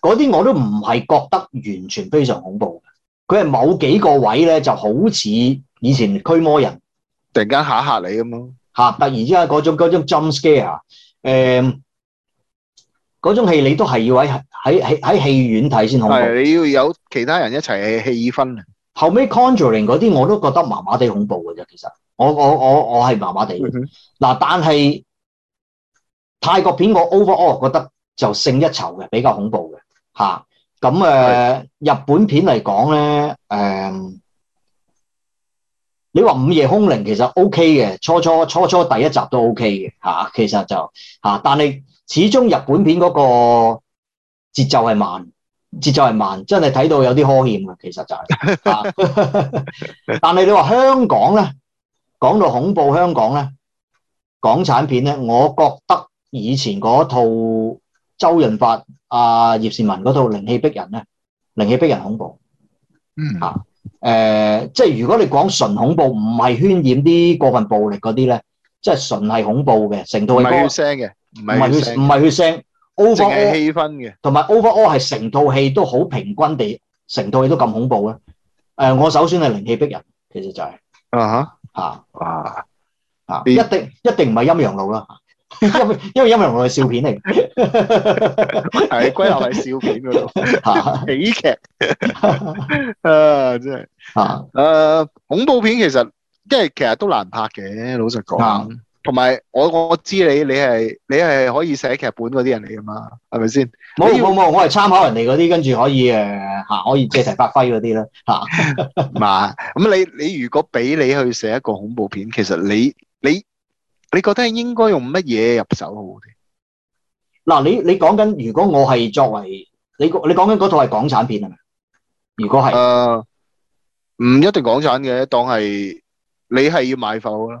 A: 嗰啲我都唔係覺得完全非常恐怖嘅，佢係某幾個位咧就好似以前驅魔人，突然間嚇一嚇你咁咯，嚇，突然之間嗰種嗰種 jump scare 嚇、嗯，誒。嗰種戲你都係要喺喺喺戲院睇先恐怖，你要有其他人一齊氣氛。後尾 Conjuring 嗰啲我都覺得麻麻地恐怖嘅啫，其實我我我我係麻麻地。嗱、嗯哼，但係泰國片我 overall 覺得就勝一籌嘅，比較恐怖嘅嚇。咁、啊、誒、呃、的日本片嚟講咧，誒、嗯、你話午夜凶鈴其實 OK 嘅，初初初初第一集都 OK 嘅嚇、啊。其實就嚇、啊，但係。始終日本片嗰個節奏係慢，節奏係慢，真係睇到有啲呵欠嘅，其實就係、是。啊、 但係你話香港咧，講到恐怖香港咧，港產片咧，我覺得以前嗰套周潤發、阿、啊、葉倩文嗰套靈《靈氣逼人》咧，《靈氣逼人》恐怖。嗯。吓、啊，誒、呃，即係如果你講純恐怖，唔係渲染啲過分暴力嗰啲咧，即係純係恐怖嘅，成套係。唔係好聲嘅。
B: 唔係佢，唔係佢
A: 聲，over 氣氛嘅，同埋 over all 係成套戲都好平均地，成套戲都咁恐怖咧。誒，我首先係靈氣逼人，其實就係，啊吓，啊，啊，一定一定唔係陰陽路啦，因因為陰陽路係笑片嚟，係歸納喺笑
B: 片嗰度，喜劇，誒真係，誒，恐怖片其實即係其實都難拍嘅，老實講。同埋我我知你你係你係可以寫劇本嗰啲人嚟噶嘛，
A: 係咪先？冇冇冇，我係參考人哋嗰啲，跟住可以誒吓、呃，可以借題發揮嗰啲啦吓。
B: 嗱有，咁 你你如果俾你去寫一個恐怖片，其實你你你覺得應
A: 該用乜嘢入手好、啊、啲？嗱、呃，你你講緊如果我係作為你你講緊嗰套係港產片係咪？如果係誒，唔、呃、一
B: 定是港產嘅，當係你係要買否啦？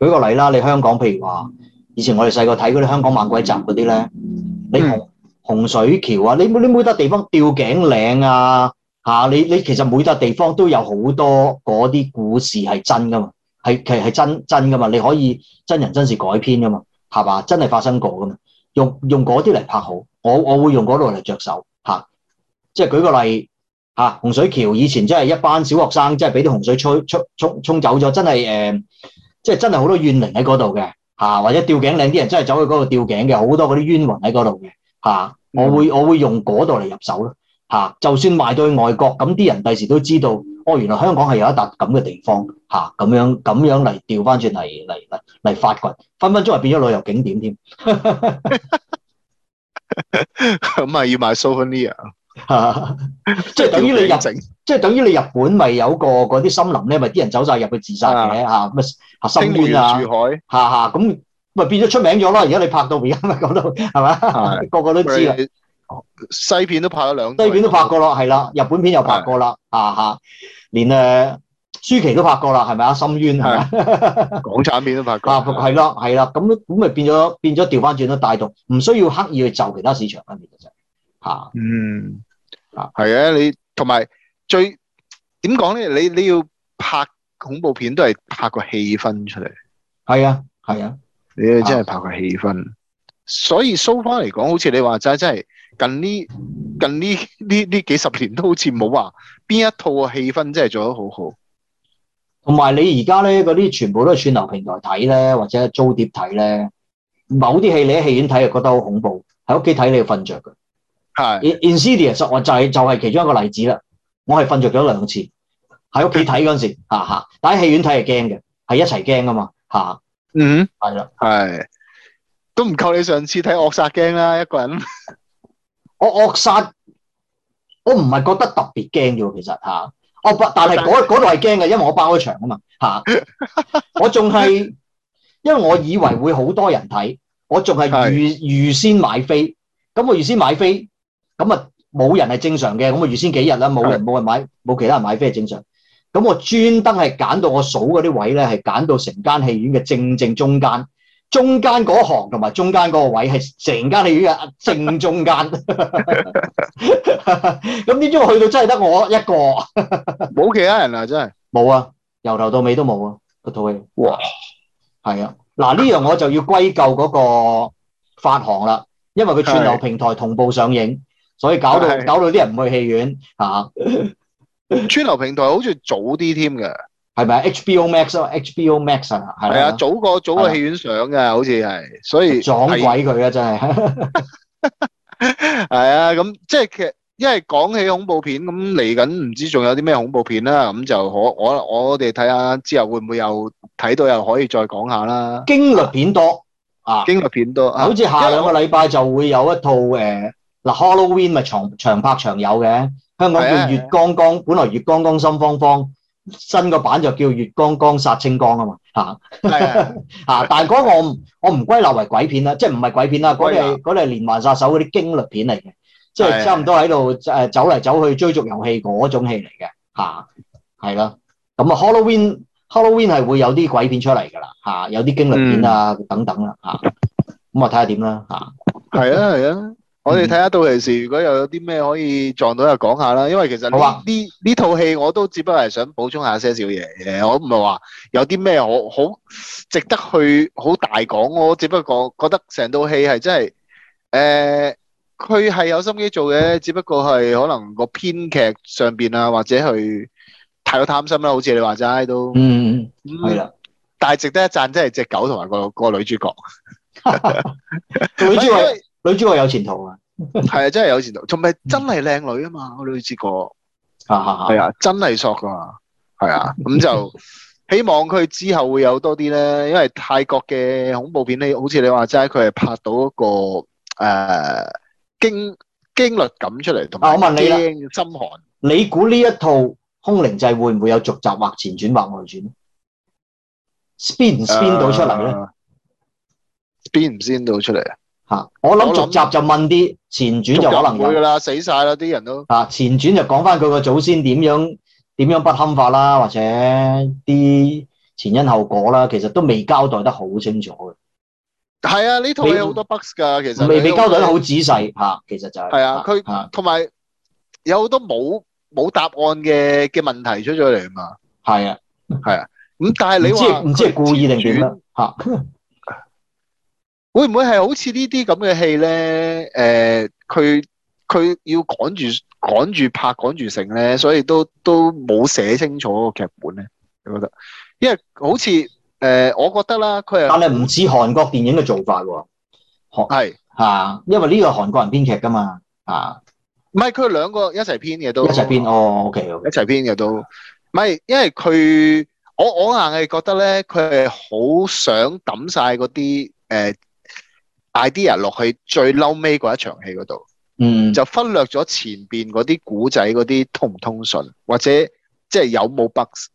A: 舉個例啦，你香港譬如話，以前我哋細個睇嗰啲香港猛鬼集嗰啲咧，你洪洪水橋啊，你每你每笪地方吊頸嶺啊，啊你你其實每笪地方都有好多嗰啲故事係真噶嘛，係其實係真真噶嘛，你可以真人真事改編噶嘛，係咪？真係發生過噶嘛，用用嗰啲嚟拍好，我我會用嗰度嚟着手、啊、即係舉個例嚇、啊、洪水橋以前真係一班小學生即係俾啲洪水吹沖沖沖走咗，真係即係真係好多怨靈喺嗰度嘅嚇，或者吊頸嶺啲人真係走去嗰度吊頸嘅，好多嗰啲冤魂喺嗰度嘅嚇。我會我會用嗰度嚟入手咯嚇。就算賣到去外國，咁啲人第時都知道，哦，原來香港係有一笪咁嘅地方嚇，咁樣咁樣嚟調返轉嚟嚟嚟嚟發掘，分分鐘係變咗旅遊景點添。咁啊要買 Souvenir 即係等於你即係等於你日本咪有個嗰啲森林咧，咪啲人走晒入去自殺嘅吓咁啊！深淵啊！吓吓咁咪變咗出名咗啦！而家你拍到而家咪講到係嘛，個個都知啦。西片都拍咗兩，西片都拍過咯，係啦，日本片又拍過啦，吓吓，連誒舒淇都拍過啦，係咪啊？深淵係咪？港產片都拍過，係咯係啦，咁咁咪變咗變咗調翻轉咯，帶動，唔需要刻意去就其他市場方面嘅
B: 啊，嗯，啊係你同埋最點講咧？你呢你，你要拍恐怖片都係拍個氣氛出嚟，係啊係啊，係啊你真係拍個氣氛。的所以 so far 嚟講，好似你話齋，真係近呢近呢呢呢幾十年都好似冇話邊一套嘅氣氛真係做得好好。
A: 同埋你而家咧，嗰啲全部都係串流平台睇咧，或者租碟睇咧，某啲戲你喺戲院睇就覺得好恐怖，喺屋企睇你要瞓着噶。In insidious 實我就係、是、就係、是、其中一個例子啦。我係瞓着咗兩次，喺屋企睇嗰陣時，吓吓，但喺戲院睇係驚嘅，係一齊驚啊嘛，吓，嗯，係啦，係，都唔夠你上次睇《惡殺》驚啦，一個人，我《惡殺》，我唔係覺得特別驚啫，其實吓、啊，我但係嗰度係驚嘅，因為我包咗場啊嘛，吓、啊， 我仲係，因為我以為會好多人睇，我仲係預預先買飛，咁我預先買飛。咁啊，冇人係正常嘅，咁啊預先幾日啦，冇人冇人買，冇是的 其他人買飛係正常。咁我專登係揀到我數嗰啲位咧，係揀到成間戲院嘅正正中間，中間嗰行同埋中間嗰個位係成間戲院嘅正中間。咁點知我去到真係得我一個，冇 其他人啊，真係冇啊，由頭到尾都冇啊，個套戲。哇，係 啊，嗱呢樣我就要歸咎嗰個發行啦，因為佢串流平台同步上映。所以搞到搞到啲人唔去戲院嚇。串流平台好似早啲添嘅，係咪？HBO Max，HBO Max 啊，係啊，
B: 早個早個戲院上嘅，好似係。所以撞鬼佢啊，真係。係啊，咁即係其實，因為講起恐怖片咁嚟緊，唔知仲有啲咩恐怖片啦。咁就可我我哋睇下之後會唔會又睇到又可以再講下
A: 啦。驚慄片多啊！驚慄片多啊！好似下兩個禮拜就會有一套誒。嗱，Halloween 咪長長拍長有嘅，香港叫月光光，本來月光光心慌慌，新個版就叫月光光殺青光啊嘛，嚇嚇，但係嗰個我唔我唔歸納為鬼片啦，即係唔係鬼片啦，嗰啲係嗰啲係連環殺手嗰啲驚慄片嚟嘅，即係差唔多喺度誒走嚟走去追逐遊戲嗰種戲嚟嘅，嚇係啦，咁啊 Halloween Halloween 係會有啲鬼片出嚟㗎啦，嚇有啲驚慄片啊等等啦，嚇咁啊睇下點啦，嚇係啊係啊。
B: 我哋睇下到時，如果有啲咩可以撞到，就講下啦。因為其實呢呢呢套戲，啊、戲我都只不過係想補充一下些少嘢嘅。我唔係話有啲咩好好值得去好大講，我只不過覺得成套戲係真係誒，佢、呃、係有心機做嘅，只不過係可能個編劇上邊啊，或者去太過貪心啦，好似你話齋都嗯係啦。嗯、的但係值得一讚、那個，即係隻狗同埋個個女主角。 女主角 女主角有前途啊，係啊， 真係有前途，同埋真係靚女啊嘛，女主角，係啊，真係索噶，係啊，咁、啊、就希望佢之後會有多啲咧，因為泰國嘅恐怖片咧，好似你話齋，佢係拍到一個誒驚驚慄感出嚟，同驚心寒。我問你啦，啊、
A: 你估呢寒一套《凶靈祭》會唔會有續集或前傳或外傳咧？編唔編到出嚟咧？編唔編到出嚟啊？吓，我諗想續集就問啲前傳就可能噶啦，死
B: 晒啦啲人都
A: 吓，前傳就講翻佢個祖先點樣點樣不堪法啦，或者啲前因後果啦，其實都未交代得好清楚嘅。
B: 係啊，呢套有好多 bug 噶，其實未未交代得好仔細
A: 吓，其實就係、是、係啊，佢
B: 同埋有好多冇冇答案嘅嘅問題出咗嚟嘛。係啊，係啊，咁、啊、但係你話唔知係故意定點樣？吓會唔會係好似呢啲咁嘅戲咧？誒、呃，佢佢要趕住趕住拍趕住成咧，所以都都冇寫清楚個劇本咧。你覺得？因為好似誒、呃，我覺得啦，
A: 佢係但係唔似韓國電影嘅做法喎、啊。係吓，啊，因為呢個韓國人編劇噶嘛吓，
B: 唔係佢兩個一齊編嘅都一齊編哦
A: ，OK，OK，一齊編嘅
B: 都唔係，因為佢我我硬係覺得咧，佢係好想抌晒嗰啲誒。呃 idea 落去最嬲尾嗰一場戲嗰度，嗯，就忽略咗前邊嗰啲古仔嗰啲通唔通順，或者
A: 即係有冇 bugs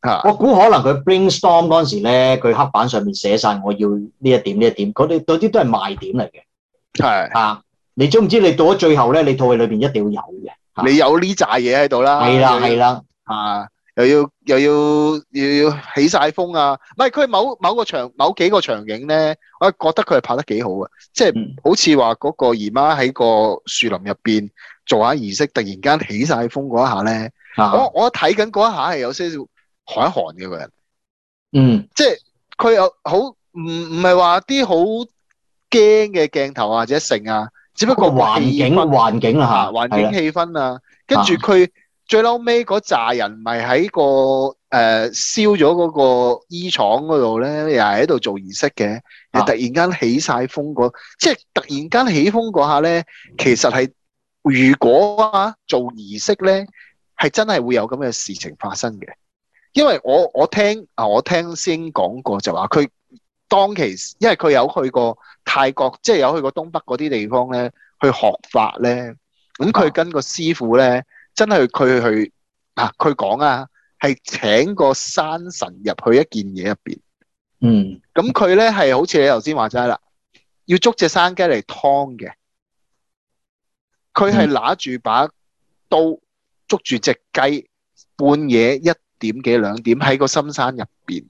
A: 啊？我估可能佢 brainstorm 嗰陣時咧，佢黑板上面寫晒「我要呢一點呢一點」，嗰啲嗰啲都係賣點嚟嘅，係啊！的你總唔知你到咗最後咧，你套戲裏邊一定要有嘅，的
B: 你有呢扎嘢喺度啦，係啦係啦啊！又要又要又要
A: 起晒風啊，
B: 唔係佢某某個場、某幾個場景咧，我覺得佢係拍得幾好嘅，即係，嗯，好似話嗰個姨媽喺個樹林入邊做下儀式，突然間起晒風嗰一下咧，啊，我我睇緊嗰一下係有些少寒寒嘅個人，嗯，即係佢有好唔唔係話啲好驚嘅鏡頭或者性啊，只不過環
A: 境、環境啊嚇，環境氣
B: 氛啊，的跟住佢。啊最嬲尾嗰扎人咪喺個誒、呃、燒咗嗰個衣廠嗰度咧，又係喺度做儀式嘅，又突然間起晒風嗰，啊、即係突然間起風嗰下咧，其實係如果啊做儀式咧，係真係會有咁嘅事情發生嘅，因為我我聽啊我聽先講過就話佢當其時，因為佢有去過泰國，即係有去過東北嗰啲地方咧，去學法咧，咁佢跟個師傅咧。啊啊真係佢去啊！佢講啊，係請個山神入去一件嘢入邊。嗯，咁佢咧係好似你頭先話齋啦，要捉隻山雞嚟劏嘅。佢係拿住把刀捉住隻雞，半夜一點幾兩點喺個深山入邊，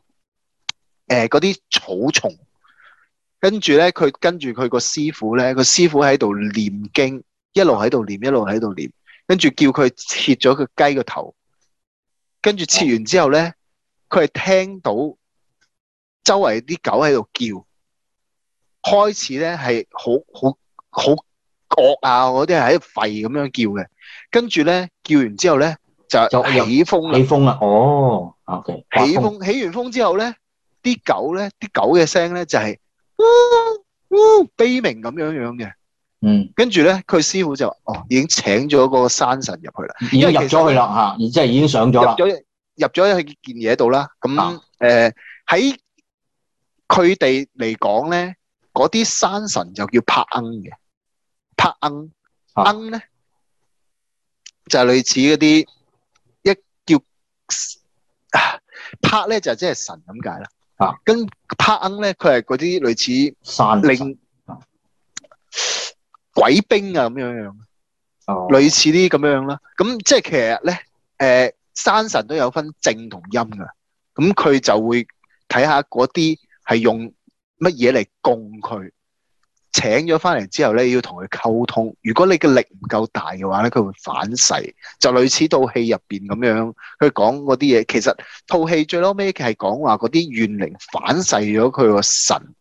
B: 誒嗰啲草叢，跟住咧佢跟住佢個師傅咧，個師傅喺度念經，一路喺度念，一路喺度念。跟住叫佢切咗個雞個頭，跟住切完之後咧，佢係聽到周圍啲狗喺度叫，開始咧係好好好惡啊嗰啲喺度吠咁樣叫嘅，跟住咧叫完之後咧就起風就起風啦，哦，OK，起風，起完風之後咧，啲狗咧，啲狗嘅聲咧就係、是，哦，哦、悲鳴咁樣樣嘅。嗯，跟住咧，佢師傅就話，哦，已經請咗個山神入去啦，已經入咗去啦，
A: 吓，即係、啊、已經上咗
B: 入咗入咗去件嘢度啦。咁，誒、啊，喺佢哋嚟講咧，嗰啲山神就叫拍恩嘅，拍恩，恩咧、啊、就係、類似嗰啲一叫拍咧、啊、就即係神咁解啦。吓、啊，跟拍恩咧，佢係嗰啲類似靈。鬼兵啊咁樣樣，類似啲咁樣啦。咁、oh. 即係其實咧，誒、呃、山神都有分正同陰㗎。咁佢就會睇下嗰啲係用乜嘢嚟供佢。請咗翻嚟之後咧，要同佢溝通。如果你嘅力唔夠大嘅話咧，佢會反噬。就類似套戲入面咁樣，佢講嗰啲嘢。其實套戲最撈尾其實係講話嗰啲怨靈反噬咗佢個神。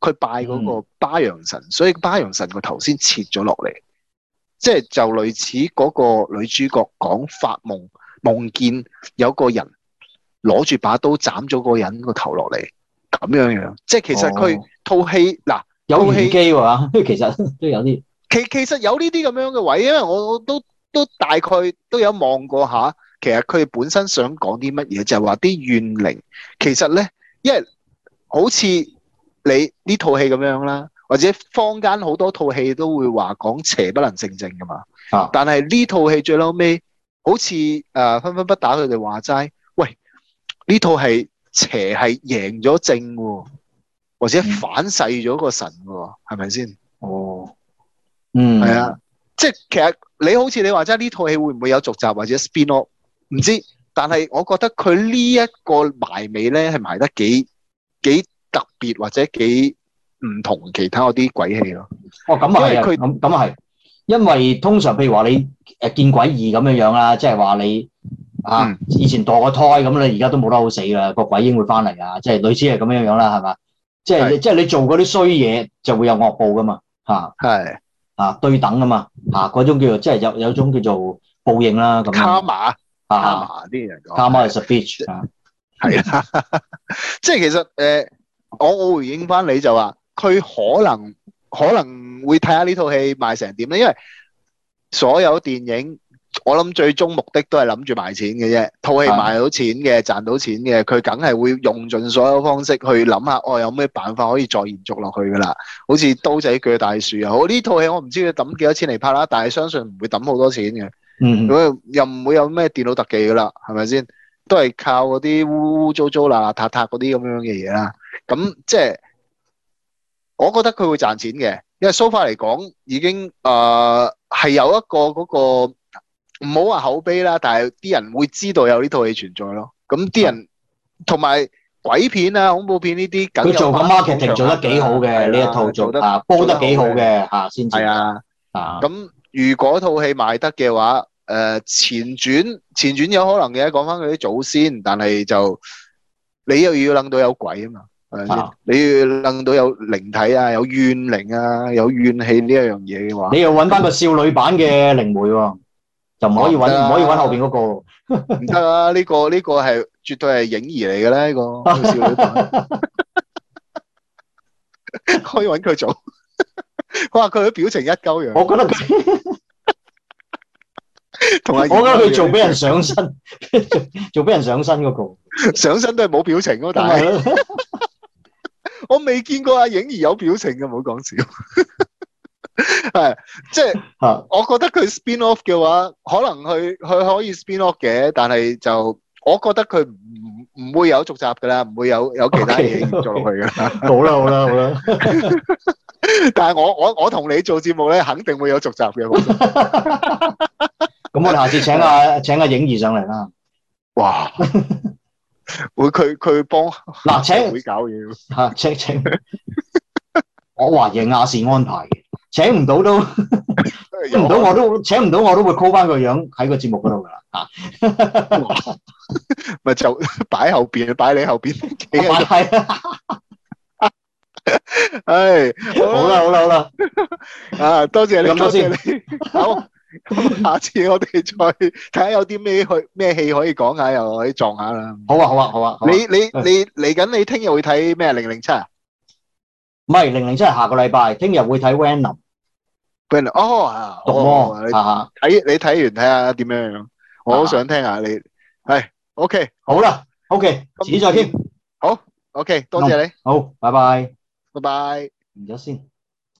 B: 佢拜嗰個巴陽神，嗯、所以巴陽神個頭先切咗落嚟，即係就類似嗰個女主角講發夢，夢見有個人攞住把刀斬咗個人個頭
A: 落嚟，咁樣樣。
B: 即係其實佢套戲嗱，哦啊、有戲機吓，其
A: 實都有啲。其其實有
B: 呢啲咁樣嘅位，因為我我都都大概都有望過下。其實佢本身想講啲乜嘢，就係話啲怨靈，其實咧，因為好似。你呢套戲咁樣啦，或者坊間好多套戲都會話講邪不能勝正噶嘛。啊！但係呢套戲最嬲尾，好似誒分分不打佢哋話齋，喂呢套係邪係贏咗正喎，或者反噬咗個神喎，係咪先？吧哦，的嗯，係啊，即係其實你好似你話齋呢套戲會唔會有續集或者 spin off？唔知，但係我覺得佢呢一個埋尾咧係埋得幾幾。特別或者幾唔同其他嗰啲鬼戲
A: 咯。哦，咁啊係，咁咁係，因為通常譬如話你誒見鬼二咁樣樣啦，即係話你、嗯、啊，以前墮過胎咁你而家都冇得好死啦，個鬼嬰會翻嚟啊，即、就、係、是、類似係咁樣樣啦，係嘛？即係即係你做嗰啲衰嘢就會有惡報噶嘛，嚇係、啊、對等㗎嘛，嗰、啊、種叫做即係有有種叫做報應啦。咁 karma，karma 啲人講 karma is a bitch
B: 係啊，即係其實誒。我我回應翻你就話，佢可能可能會睇下呢套戲賣成點咧，因為所有電影我諗最終目的都係諗住賣錢嘅啫。套戲的賣到錢嘅，賺到錢嘅，佢梗係會用盡所有方式去諗下，我、哦、有咩辦法可以再延續落去噶啦。好似刀仔鋸大樹啊，我呢套戲我唔知佢揼幾多錢嚟拍啦，但係相信唔會揼好多錢嘅。嗯，如果又唔會有咩電腦特技噶啦，係咪先？都係靠嗰啲污糟糟、邋邋遢遢嗰啲咁樣嘅嘢啦。咁即係，我覺得佢會賺錢嘅，因為 so far 嚟講已經誒係有一個嗰個唔好話口碑啦，但係啲人會知道有呢套戲存在咯。咁啲人同埋鬼片啊、恐怖片呢啲，佢做個 marketing 做得幾好嘅呢一套做啊，播得幾好嘅吓先至啊。咁如果套戲賣得嘅話，誒前傳前傳有可能嘅，講翻佢啲祖先，但係就你又要諗到有鬼啊嘛。誒，你諗到有靈體啊，有怨靈啊，有怨
A: 氣呢一樣嘢
B: 嘅話，你又搵返個
A: 少女版嘅靈媒喎，就唔可以搵，唔可以搵後邊嗰個，唔
B: 得啊！呢個呢個係絕對係影兒嚟嘅咧，呢個少女版，可以搵佢做。佢話，佢啲表情一鳩樣，我覺得同阿，我覺得佢做俾人上
A: 身，做做俾人上身嗰個，
B: 上身都係冇表情咯，但係。我未見過阿影兒有表情嘅，唔好講笑。係， 即係， 我覺得佢 spin off 嘅話，可能佢佢可以 spin off 嘅，但係就我覺得佢唔唔會有續集㗎啦，唔會有有其他嘢做落去嘅 Okay, okay. 好啦好啦好啦， 但係我我我同你做節目咧，肯定會有續集嘅。
A: 咁 我下次請阿、啊、 請阿、啊、影兒上嚟啦。哇！ 會佢佢幫嗱，請唔會搞嘢，吓請請，我話應亞視安排嘅，請唔到都唔到我都請唔到我都會 call 翻個樣喺個節目嗰度噶啦吓，咪 就擺後邊，擺你後邊，係啊，
B: 唉， 好啦好啦好啦， 啊，多謝你，咁多謝你，好。下次我哋再睇下有啲咩去咩戲可以講下，又可以撞下啦。好啊，好啊，好啊。你你你嚟緊，你聽日會睇咩？零零七啊？
A: 唔係零零七，係下個禮拜聽日會睇《Venom》。
B: Venom 哦，
A: 毒魔啊！
B: 睇你睇完睇下點樣樣，我都想聽啊！你係 OK，好啦，OK，自在添。好，OK，多謝你。好，拜拜，拜拜，完咗先。